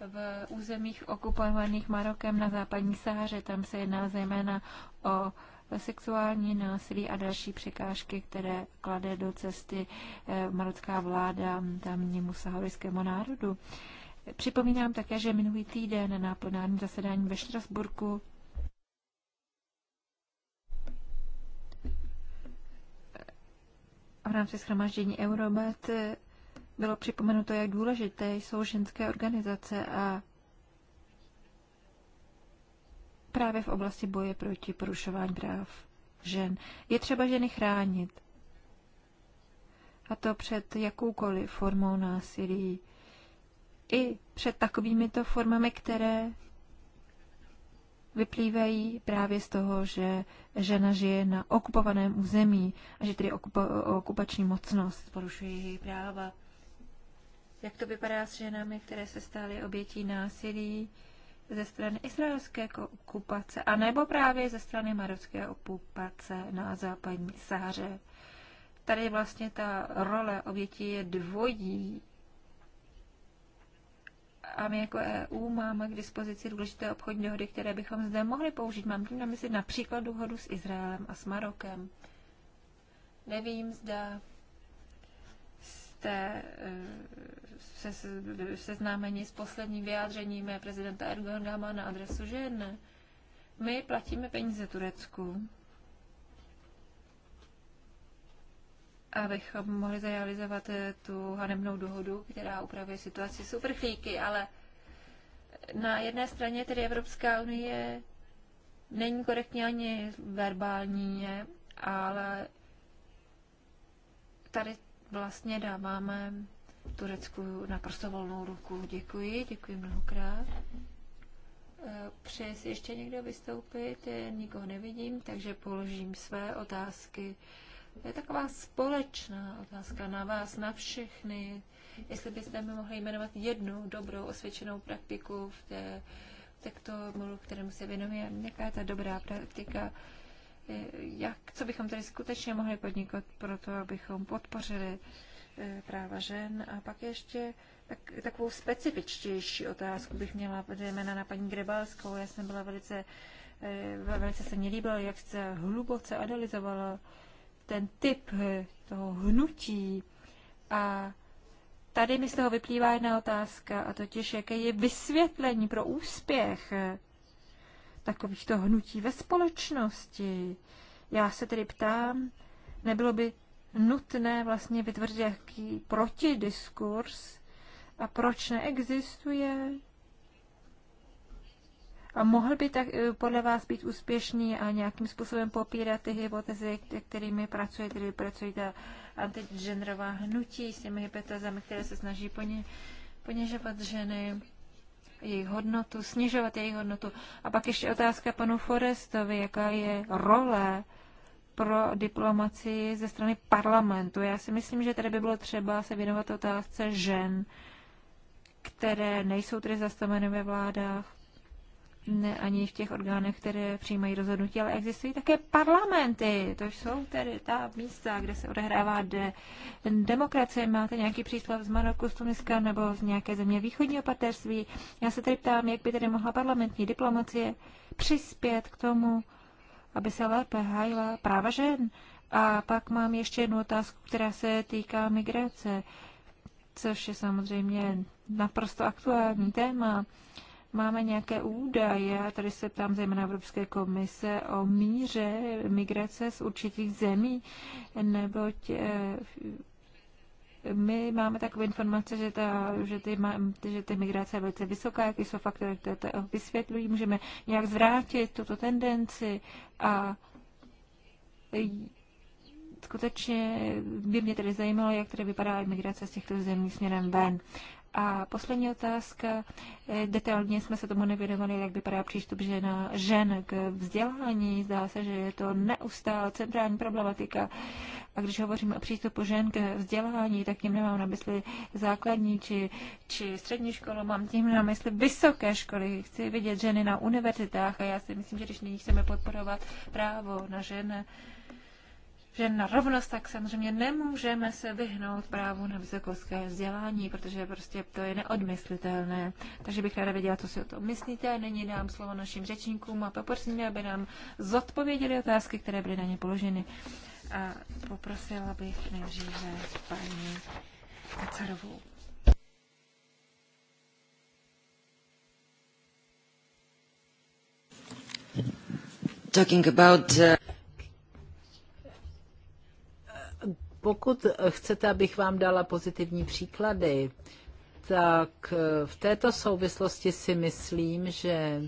v územích okupovaných Marokem na západní Sáře. Tam se jedná zejména o sexuální násilí a další překážky, které klade do cesty eh, marocká vláda tamnímu sahorijskému národu. Připomínám také, že minulý týden na plenárním zasedání ve Štrasburku v rámci schromaždění Eurobat eh, bylo připomenuto, jak důležité jsou ženské organizace a právě v oblasti boje proti porušování práv žen. Je třeba ženy chránit. A to před jakoukoliv formou násilí. I před takovými to formami, které vyplývají právě z toho, že žena žije na okupovaném území a že tedy okupa, okupační mocnost porušuje její práva jak to vypadá s ženami, které se staly obětí násilí ze strany izraelské okupace, anebo právě ze strany marocké okupace na západní Sáře. Tady vlastně ta role obětí je dvojí. A my jako EU máme k dispozici důležité obchodní dohody, které bychom zde mohli použít. Mám tím na mysli například dohodu s Izraelem a s Marokem. Nevím, zda jste eh, se, seznámeni s posledním vyjádřením prezidenta Erdogana na adresu žen. My platíme peníze Turecku, abychom mohli zrealizovat eh, tu hanebnou dohodu, která upravuje situaci s ale na jedné straně tedy Evropská unie není korektní ani verbální, ale tady vlastně dáváme Turecku naprosto volnou ruku. Děkuji, děkuji mnohokrát. E, přeje si ještě někdo vystoupit? E, nikoho nevidím, takže položím své otázky. To je taková společná otázka na vás, na všechny. Jestli byste mi mohli jmenovat jednu dobrou osvědčenou praktiku v té tak to mluvil, kterému se věnuje, jaká je ta dobrá praktika, e, jak, co bychom tady skutečně mohli podnikat pro to, abychom podpořili Eh, práva žen. A pak ještě tak, takovou specifičtější otázku bych měla, zejména na paní Grebalskou. Já jsem byla velice, eh, velice se mi líbila, jak se hluboce analyzovala ten typ eh, toho hnutí. A tady mi z toho vyplývá jedna otázka, a totiž, jaké je vysvětlení pro úspěch takovýchto hnutí ve společnosti. Já se tedy ptám, nebylo by nutné vlastně vytvořit jaký protidiskurs a proč neexistuje. A mohl by tak eh, podle vás být úspěšný a nějakým způsobem popírat ty hypotezy, kterými pracuje, tedy pracují ta antigenderová hnutí s těmi hypotezami, které se snaží poně, poněžovat ženy, jejich hodnotu, snižovat jejich hodnotu. A pak ještě otázka panu Forestovi, jaká je role pro diplomaci ze strany parlamentu. Já si myslím, že tady by bylo třeba se věnovat otázce žen, které nejsou tedy zastaveny ve vládách, ne ani v těch orgánech, které přijímají rozhodnutí, ale existují také parlamenty. To jsou tedy ta místa, kde se odehrává de- demokracie. Máte nějaký příslov z Maroku, z Tuniska nebo z nějaké země východního partnerství? Já se tedy ptám, jak by tedy mohla parlamentní diplomacie přispět k tomu, aby se lépe hájila práva žen. A pak mám ještě jednu otázku, která se týká migrace, což je samozřejmě naprosto aktuální téma. Máme nějaké údaje, a tady se ptám zejména Evropské komise, o míře migrace z určitých zemí, neboť eh, my máme takové informace, že, ta, že, ty, že ty migrace je velice vysoká, jaké jsou faktory, které to vysvětlují, můžeme nějak zvrátit tuto tendenci a skutečně by mě tedy zajímalo, jak tedy vypadá imigrace z těchto zemí směrem ven. A poslední otázka. Eh, detailně jsme se tomu nevěnovali, jak vypadá přístup žena, žen k vzdělání. Zdá se, že je to neustále centrální problematika. A když hovoříme o přístupu žen k vzdělání, tak tím nemám na mysli základní či, či střední školu, mám tím na mysli vysoké školy. Chci vidět ženy na univerzitách a já si myslím, že když nyní chceme podporovat právo na ženy, že na rovnost tak samozřejmě nemůžeme se vyhnout právu na vysokoské vzdělání, protože prostě to je neodmyslitelné. Takže bych ráda věděla, co si o tom myslíte. Nyní dám slovo našim řečníkům a poprosím, aby nám zodpověděli otázky, které byly na ně položeny. A poprosila bych nejdříve paní Kacarovou. Talking about, uh... Pokud chcete, abych vám dala pozitivní příklady, tak eh, v této souvislosti si myslím, že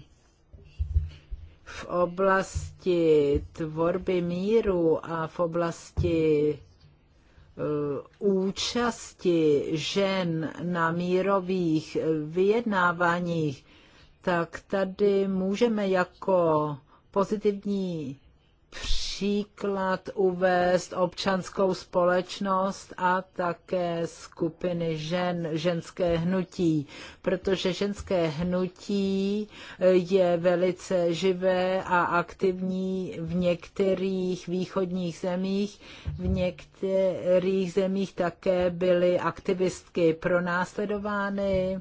v oblasti tvorby míru a v oblasti eh, účasti žen na mírových eh, vyjednáváních, tak tady můžeme jako pozitivní příklad příklad uvést občanskou společnost a také skupiny žen, ženské hnutí, protože ženské hnutí eh, je velice živé a aktivní v některých východních zemích, v některých zemích také byly aktivistky pronásledovány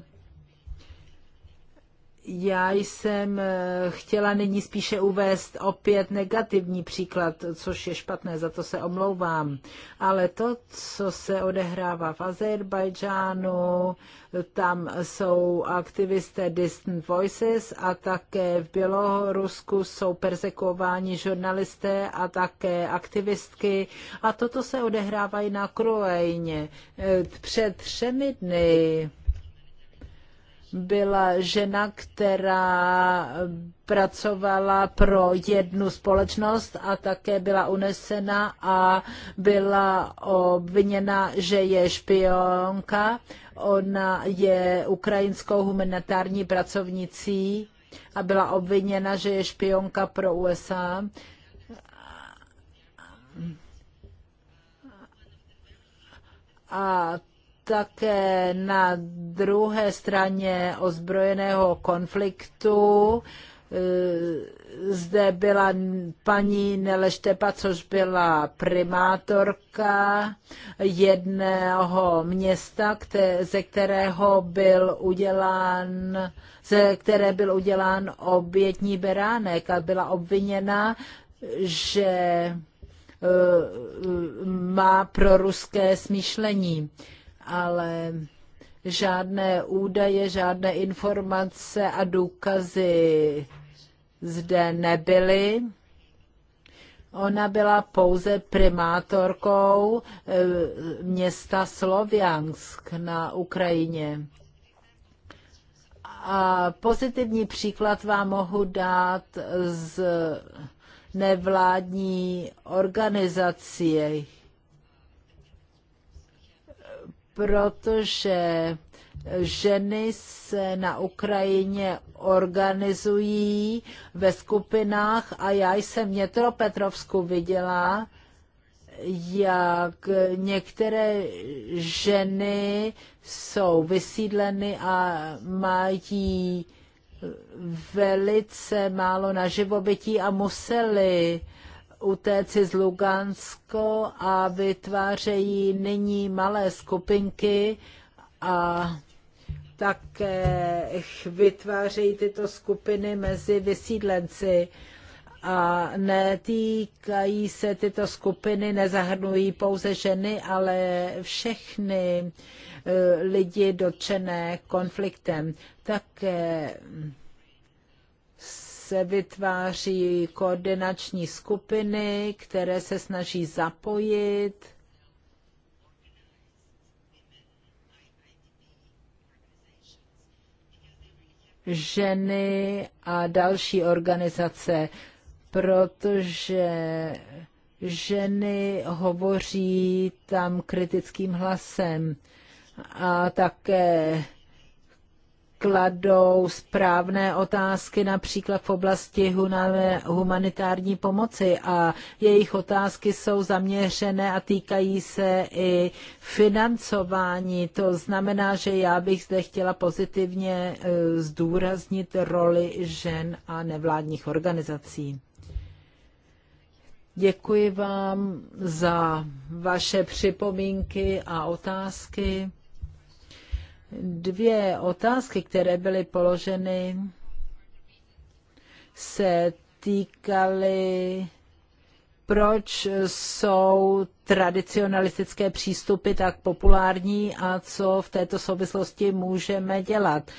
já jsem eh, chtěla nyní spíše uvést opět negativní příklad, což je špatné, za to se omlouvám. Ale to, co se odehrává v Azerbajdžánu, tam jsou aktivisté Distant Voices a také v Bělorusku jsou persekováni žurnalisté a také aktivistky. A toto se odehrává i na Kruajně. Eh, před třemi dny byla žena, která pracovala pro jednu společnost a také byla unesena a byla obviněna, že je špionka. Ona je ukrajinskou humanitární pracovnicí a byla obviněna, že je špionka pro USA. A také na druhé straně ozbrojeného konfliktu. E, zde byla paní Neleštepa, což byla primátorka jedného města, ze kterého byl udělán, ze které byl udělán obětní beránek a byla obviněna, že e, e, má proruské smýšlení ale žádné údaje, žádné informace a důkazy zde nebyly. Ona byla pouze primátorkou eh, města Sloviansk na Ukrajině. A pozitivní příklad vám mohu dát z nevládní organizací protože ženy se na Ukrajině organizují ve skupinách a já jsem v Petrovsku viděla, jak některé ženy jsou vysídleny a mají velice málo na živobytí a museli utéci z Lugansko a vytvářejí nyní malé skupinky a také vytvářejí tyto skupiny mezi vysídlenci a netýkají se tyto skupiny, nezahrnují pouze ženy, ale všechny eh, lidi dotčené konfliktem. Také se vytváří koordinační skupiny, které se snaží zapojit. ženy a další organizace, protože ženy hovoří tam kritickým hlasem a také kladou správné otázky například v oblasti humanitární pomoci a jejich otázky jsou zaměřené a týkají se i financování. To znamená, že já bych zde chtěla pozitivně eh, zdůraznit roli žen a nevládních organizací. Děkuji vám za vaše připomínky a otázky. Dvě otázky, které byly položeny, se týkaly, proč jsou tradicionalistické přístupy tak populární a co v této souvislosti můžeme dělat.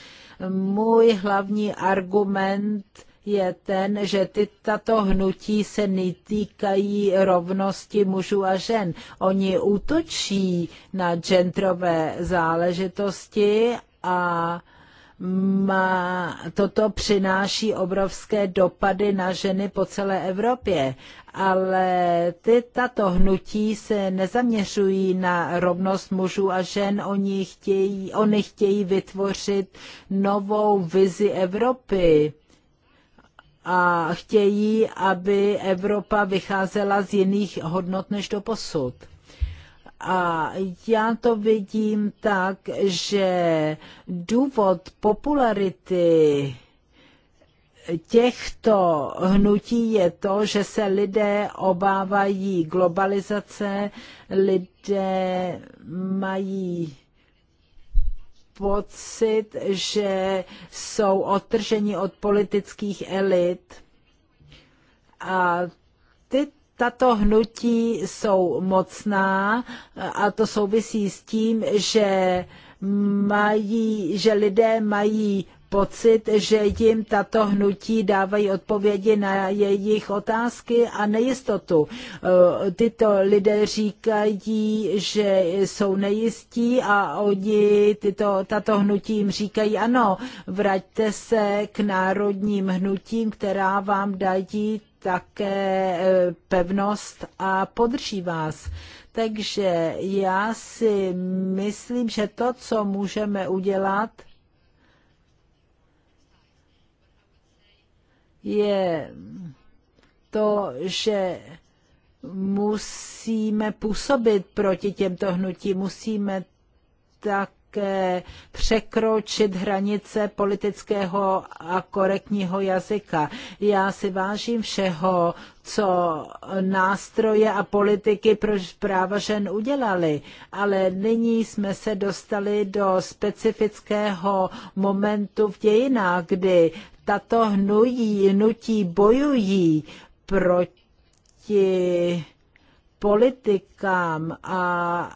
Můj hlavní argument je ten, že ty, tato hnutí se netýkají rovnosti mužů a žen. Oni útočí na genderové záležitosti a má, toto přináší obrovské dopady na ženy po celé Evropě, ale ty, tato hnutí se nezaměřují na rovnost mužů a žen, oni chtějí, oni chtějí vytvořit novou vizi Evropy a chtějí, aby Evropa vycházela z jiných hodnot než do posud. A já to vidím tak, že důvod popularity těchto hnutí je to, že se lidé obávají globalizace, lidé mají pocit, že jsou odtrženi od politických elit a ty, tato hnutí jsou mocná a to souvisí s tím, že mají, že lidé mají pocit, že jim tato hnutí dávají odpovědi na jejich otázky a nejistotu. Eh, tyto lidé říkají, že jsou nejistí a oni tyto, tato hnutí jim říkají, ano, vraťte se k národním hnutím, která vám dají také eh, pevnost a podrží vás. Takže já si myslím, že to, co můžeme udělat, je to, že musíme působit proti těmto hnutím, musíme také překročit hranice politického a korektního jazyka. Já si vážím všeho, co nástroje a politiky pro práva žen udělali, ale nyní jsme se dostali do specifického momentu v dějinách, kdy tato hnují, hnutí bojují proti politikám a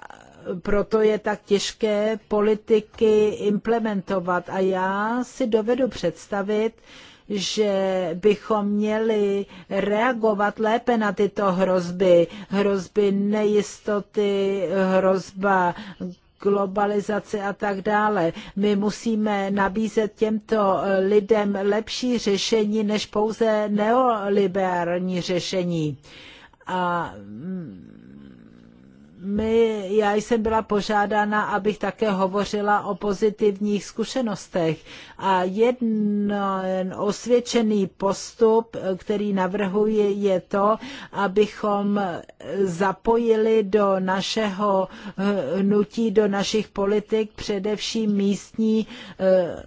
proto je tak těžké politiky implementovat. A já si dovedu představit, že bychom měli reagovat lépe na tyto hrozby. Hrozby nejistoty, hrozba globalizace a tak dále. My musíme nabízet těmto eh, lidem lepší řešení než pouze neoliberální řešení. A mm, my, já jsem byla požádána, abych také hovořila o pozitivních zkušenostech. A jeden osvědčený postup, který navrhuji, je to, abychom zapojili do našeho eh, hnutí, do našich politik především místní, eh,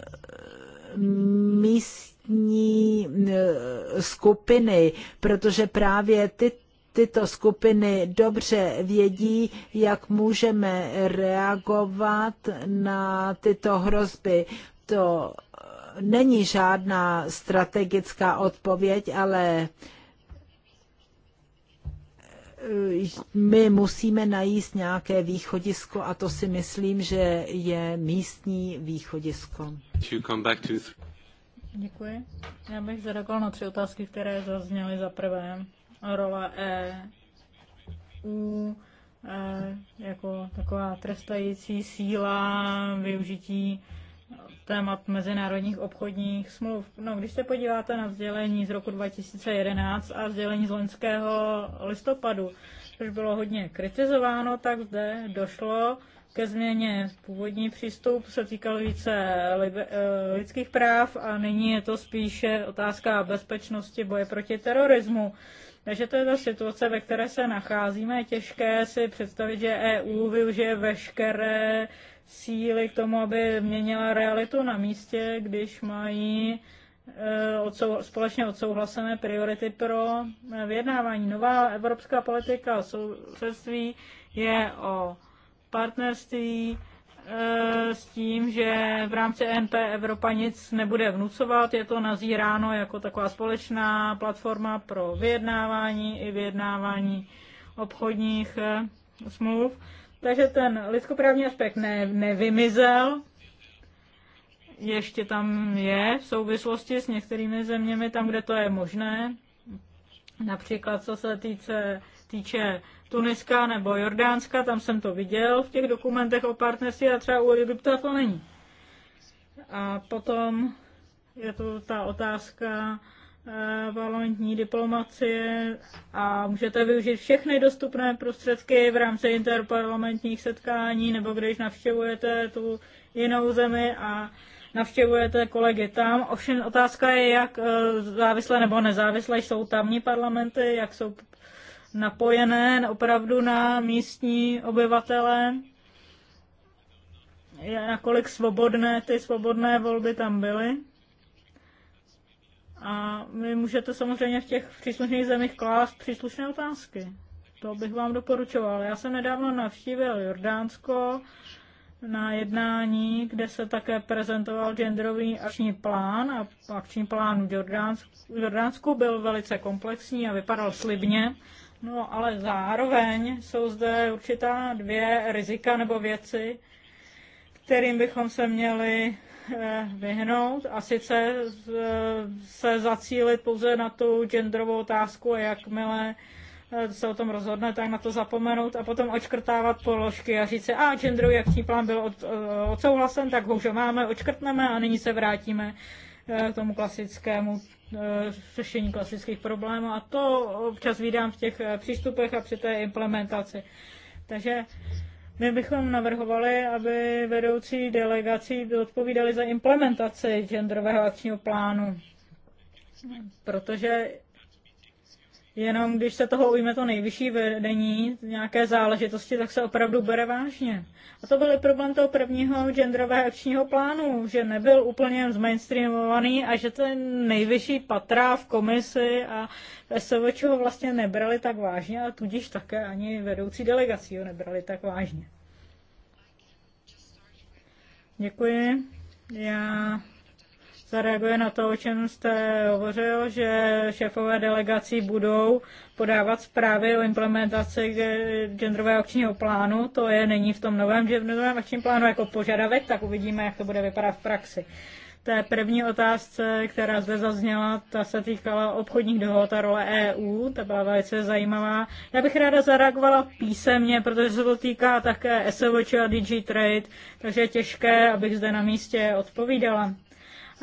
místní eh, skupiny, protože právě tyto tyto skupiny dobře vědí, jak můžeme reagovat na tyto hrozby. To není žádná strategická odpověď, ale eh, my musíme najít nějaké východisko a to si myslím, že je místní východisko. Děkuji. Já bych zareagoval na tři otázky, které zazněly za prvé role e, e, jako taková trestající síla využití témat mezinárodních obchodních smluv. No, když se podíváte na vzdělení z roku 2011 a vzdělení z loňského listopadu, což bylo hodně kritizováno, tak zde došlo ke změně. Původní přístup se týkal více e, lidských práv a nyní je to spíše otázka bezpečnosti boje proti terorismu. Takže to je ta situace, ve které se nacházíme. Je těžké si představit, že EU využije veškeré síly k tomu, aby měnila realitu na místě, když mají eh, společně odsouhlasené priority pro eh, vyjednávání. Nová evropská politika sousedství je o partnerství, Eh, s tím, že v rámci e NP Evropa nic nebude vnucovat, je to nazíráno jako taková společná platforma pro vyjednávání i vyjednávání obchodních eh, smluv. Takže ten lidskoprávní aspekt ne, nevymizel, ještě tam je v souvislosti s některými zeměmi, tam, kde to je možné. Například co se týče, týče Tuniska nebo Jordánska, tam jsem to viděl v těch dokumentech o partnerství a třeba u Egypta to není. A potom je to ta otázka eh, parlamentní diplomacie a můžete využít všechny dostupné prostředky v rámci interparlamentních setkání nebo když navštěvujete tu jinou zemi a navštěvujete kolegy tam. Ovšem otázka je, jak eh, závislé nebo nezávislé jsou tamní parlamenty, jak jsou napojené opravdu na místní obyvatele, nakolik svobodné ty svobodné volby tam byly. A vy můžete samozřejmě v těch příslušných zemích klást příslušné otázky. To bych vám doporučoval. Já jsem nedávno navštívil Jordánsko na jednání, kde se také prezentoval genderový akční plán a akční plán v Jordánsku, v Jordánsku byl velice komplexní a vypadal slibně. No ale zároveň jsou zde určitá dvě rizika nebo věci, kterým bychom se měli eh, vyhnout a sice se zacílit pouze na tu genderovou otázku a jakmile eh, se o tom rozhodne, tak na to zapomenout a potom očkrtávat položky a říct si, a genderový akční plán byl eh, odsouhlasen, tak ho už máme, očkrtneme a nyní se vrátíme k tomu klasickému Eh, řešení klasických problémů a to občas vydám v těch eh, přístupech a při té implementaci. Takže my bychom navrhovali, aby vedoucí delegací odpovídali za implementaci genderového akčního plánu, protože Jenom když se toho ujme to nejvyšší vedení nějaké záležitosti, tak se opravdu bere vážně. A to byl problém toho prvního genderového akčního plánu, že nebyl úplně zmainstreamovaný a že ten nejvyšší patra v komisi a v SVČ ho vlastně nebrali tak vážně a tudíž také ani vedoucí delegací ho nebrali tak vážně. Děkuji. Já zareaguje na to, o čem jste hovořil, že šéfové delegací budou podávat zprávy o implementaci genderového akčního plánu. To je není v tom novém genderovém akčním plánu jako požadavek, tak uvidíme, jak to bude vypadat v praxi. Té první otázce, která zde zazněla, ta se týkala obchodních dohod a role EU, ta byla velice zajímavá. Já bych ráda zareagovala písemně, protože se to týká také SOVČ a DigiTrade, takže je těžké, abych zde na místě odpovídala.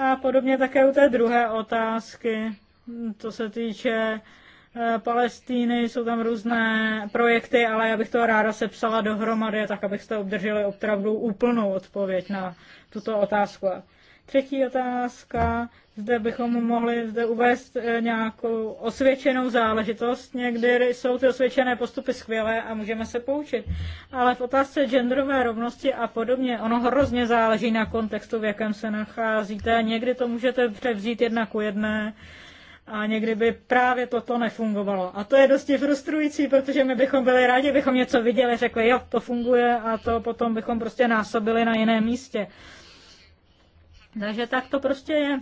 A podobně také u té druhé otázky, co se týče eh, Palestíny, jsou tam různé projekty, ale já bych to ráda sepsala dohromady, tak abyste obdrželi opravdu úplnou odpověď na tuto otázku. Třetí otázka zde bychom mohli zde uvést eh, nějakou osvědčenou záležitost. Někdy jsou ty osvědčené postupy skvělé a můžeme se poučit. Ale v otázce genderové rovnosti a podobně, ono hrozně záleží na kontextu, v jakém se nacházíte. Někdy to můžete převzít jedna ku jedné a někdy by právě toto nefungovalo. A to je dosti frustrující, protože my bychom byli rádi, bychom něco viděli, řekli, jo, to funguje a to potom bychom prostě násobili na jiném místě. Takže tak to prostě je.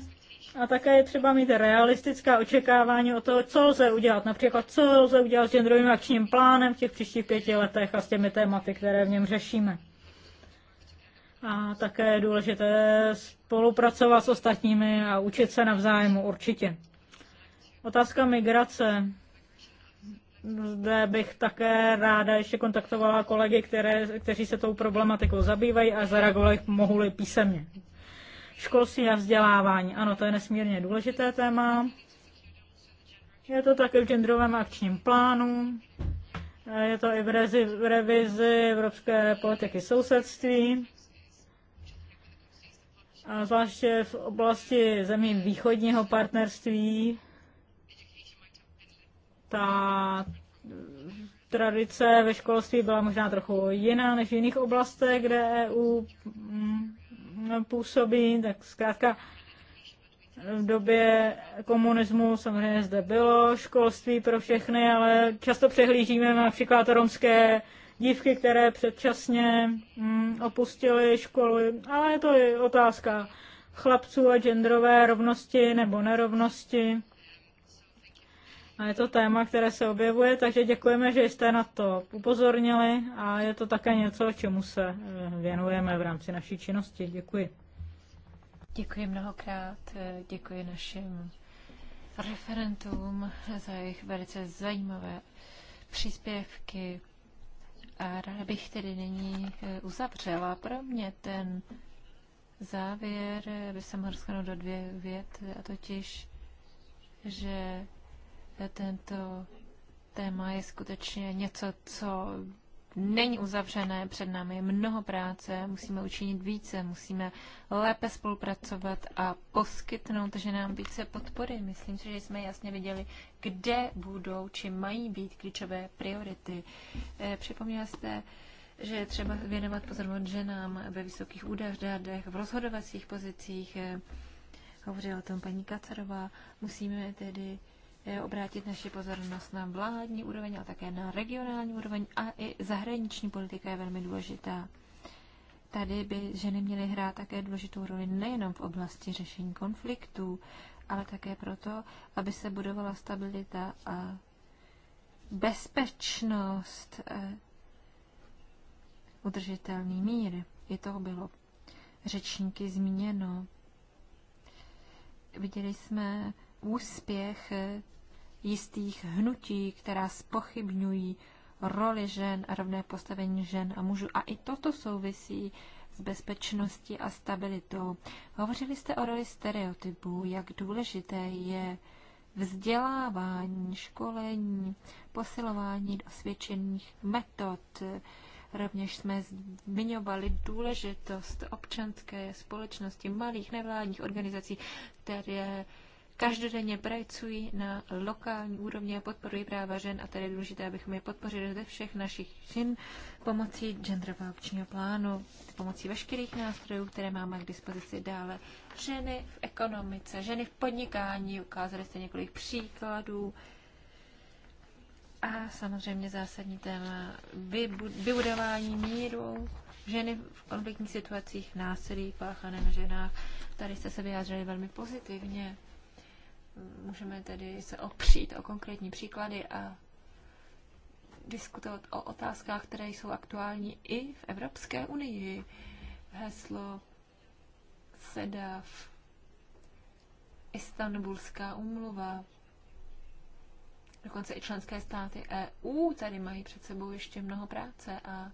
A také je třeba mít realistická očekávání o toho, co lze udělat. Například, co lze udělat s genderovým akčním plánem v těch příštích pěti letech a s těmi tématy, které v něm řešíme. A také je důležité spolupracovat s ostatními a učit se navzájem určitě. Otázka migrace. Zde bych také ráda ještě kontaktovala kolegy, které, kteří se tou problematikou zabývají a zareagovali mohu-li písemně školství a vzdělávání. Ano, to je nesmírně důležité téma. Je to také v genderovém akčním plánu. Je to i v, rezi, v revizi evropské politiky sousedství. A zvláště v oblasti zemí východního partnerství ta tradice ve školství byla možná trochu jiná než v jiných oblastech, kde EU mm, působí, tak zkrátka v době komunismu samozřejmě zde bylo školství pro všechny, ale často přehlížíme například romské dívky, které předčasně mm, opustily školy, ale je to i otázka chlapců a genderové rovnosti nebo nerovnosti. A je to téma, které se objevuje, takže děkujeme, že jste na to upozornili a je to také něco, čemu se eh, věnujeme v rámci naší činnosti. Děkuji. Děkuji mnohokrát, eh, děkuji našim referentům za jejich velice zajímavé příspěvky. A ráda bych tedy nyní eh, uzavřela pro mě ten závěr, aby se mohl do dvě vět, a totiž, že tento téma je skutečně něco, co není uzavřené, před námi je mnoho práce, musíme učinit více, musíme lépe spolupracovat a poskytnout že nám více podpory. Myslím si, že jsme jasně viděli, kde budou, či mají být klíčové priority. Eh, připomněla jste, že je třeba věnovat pozornost ženám ve vysokých úřadech, v rozhodovacích pozicích. Eh, hovořila o tom paní Kacarová. Musíme tedy Eh, obrátit naši pozornost na vládní úroveň, a také na regionální úroveň a i zahraniční politika je velmi důležitá. Tady by ženy měly hrát také důležitou roli nejenom v oblasti řešení konfliktů, ale také proto, aby se budovala stabilita a bezpečnost, eh, udržitelný mír. I toho bylo řečníky zmíněno. Viděli jsme úspěch eh, jistých hnutí, která spochybňují roli žen a rovné postavení žen a mužů. A i toto souvisí s bezpečností a stabilitou. Hovořili jste o roli stereotypů, jak důležité je vzdělávání, školení, posilování osvědčených metod. Rovněž jsme zmiňovali důležitost občanské společnosti, malých nevládních organizací, které každodenně pracují na lokální úrovni a podporují práva žen a tady je důležité, abychom je podpořili ze všech našich žen pomocí genderového akčního plánu, pomocí veškerých nástrojů, které máme k dispozici dále. Ženy v ekonomice, ženy v podnikání, ukázali jste několik příkladů. A samozřejmě zásadní téma vybudování míru, ženy v konfliktních situacích, násilí páchané na ženách. Tady jste se vyjádřili velmi pozitivně můžeme tedy se opřít o konkrétní příklady a diskutovat o otázkách, které jsou aktuální i v Evropské unii. Heslo SEDAV, Istanbulská umluva, dokonce i členské státy EU tady mají před sebou ještě mnoho práce a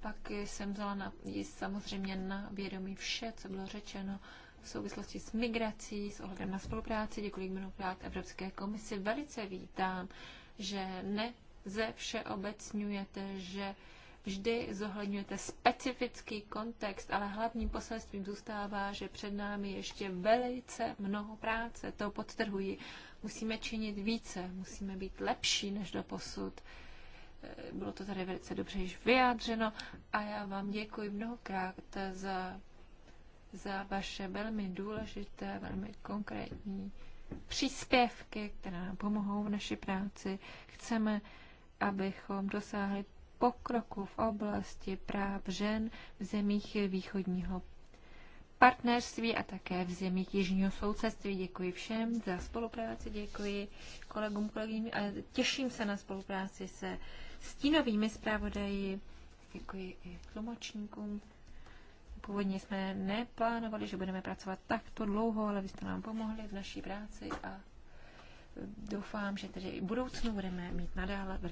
pak jsem vzala na, samozřejmě na vědomí vše, co bylo řečeno v souvislosti s migrací, s ohledem na spolupráci. Děkuji mnohokrát Evropské komisi. Velice vítám, že ne ze všeobecňujete, že vždy zohledňujete specifický kontext, ale hlavním poselstvím zůstává, že před námi ještě velice mnoho práce. To podtrhuji. Musíme činit více, musíme být lepší než do posud. Bylo to tady velice dobře již vyjádřeno a já vám děkuji mnohokrát za za vaše velmi důležité, velmi konkrétní příspěvky, které nám pomohou v naší práci. Chceme, abychom dosáhli pokroku v oblasti práv žen v zemích východního partnerství a také v zemích jižního sousedství. Děkuji všem za spolupráci, děkuji kolegům, kolegyním a těším se na spolupráci se stínovými zpravodaji. Děkuji i tlumočníkům. Původně jsme neplánovali, že budeme pracovat takto dlouho, ale vy jste nám pomohli v naší práci a doufám, že tedy i v budoucnu budeme mít nadále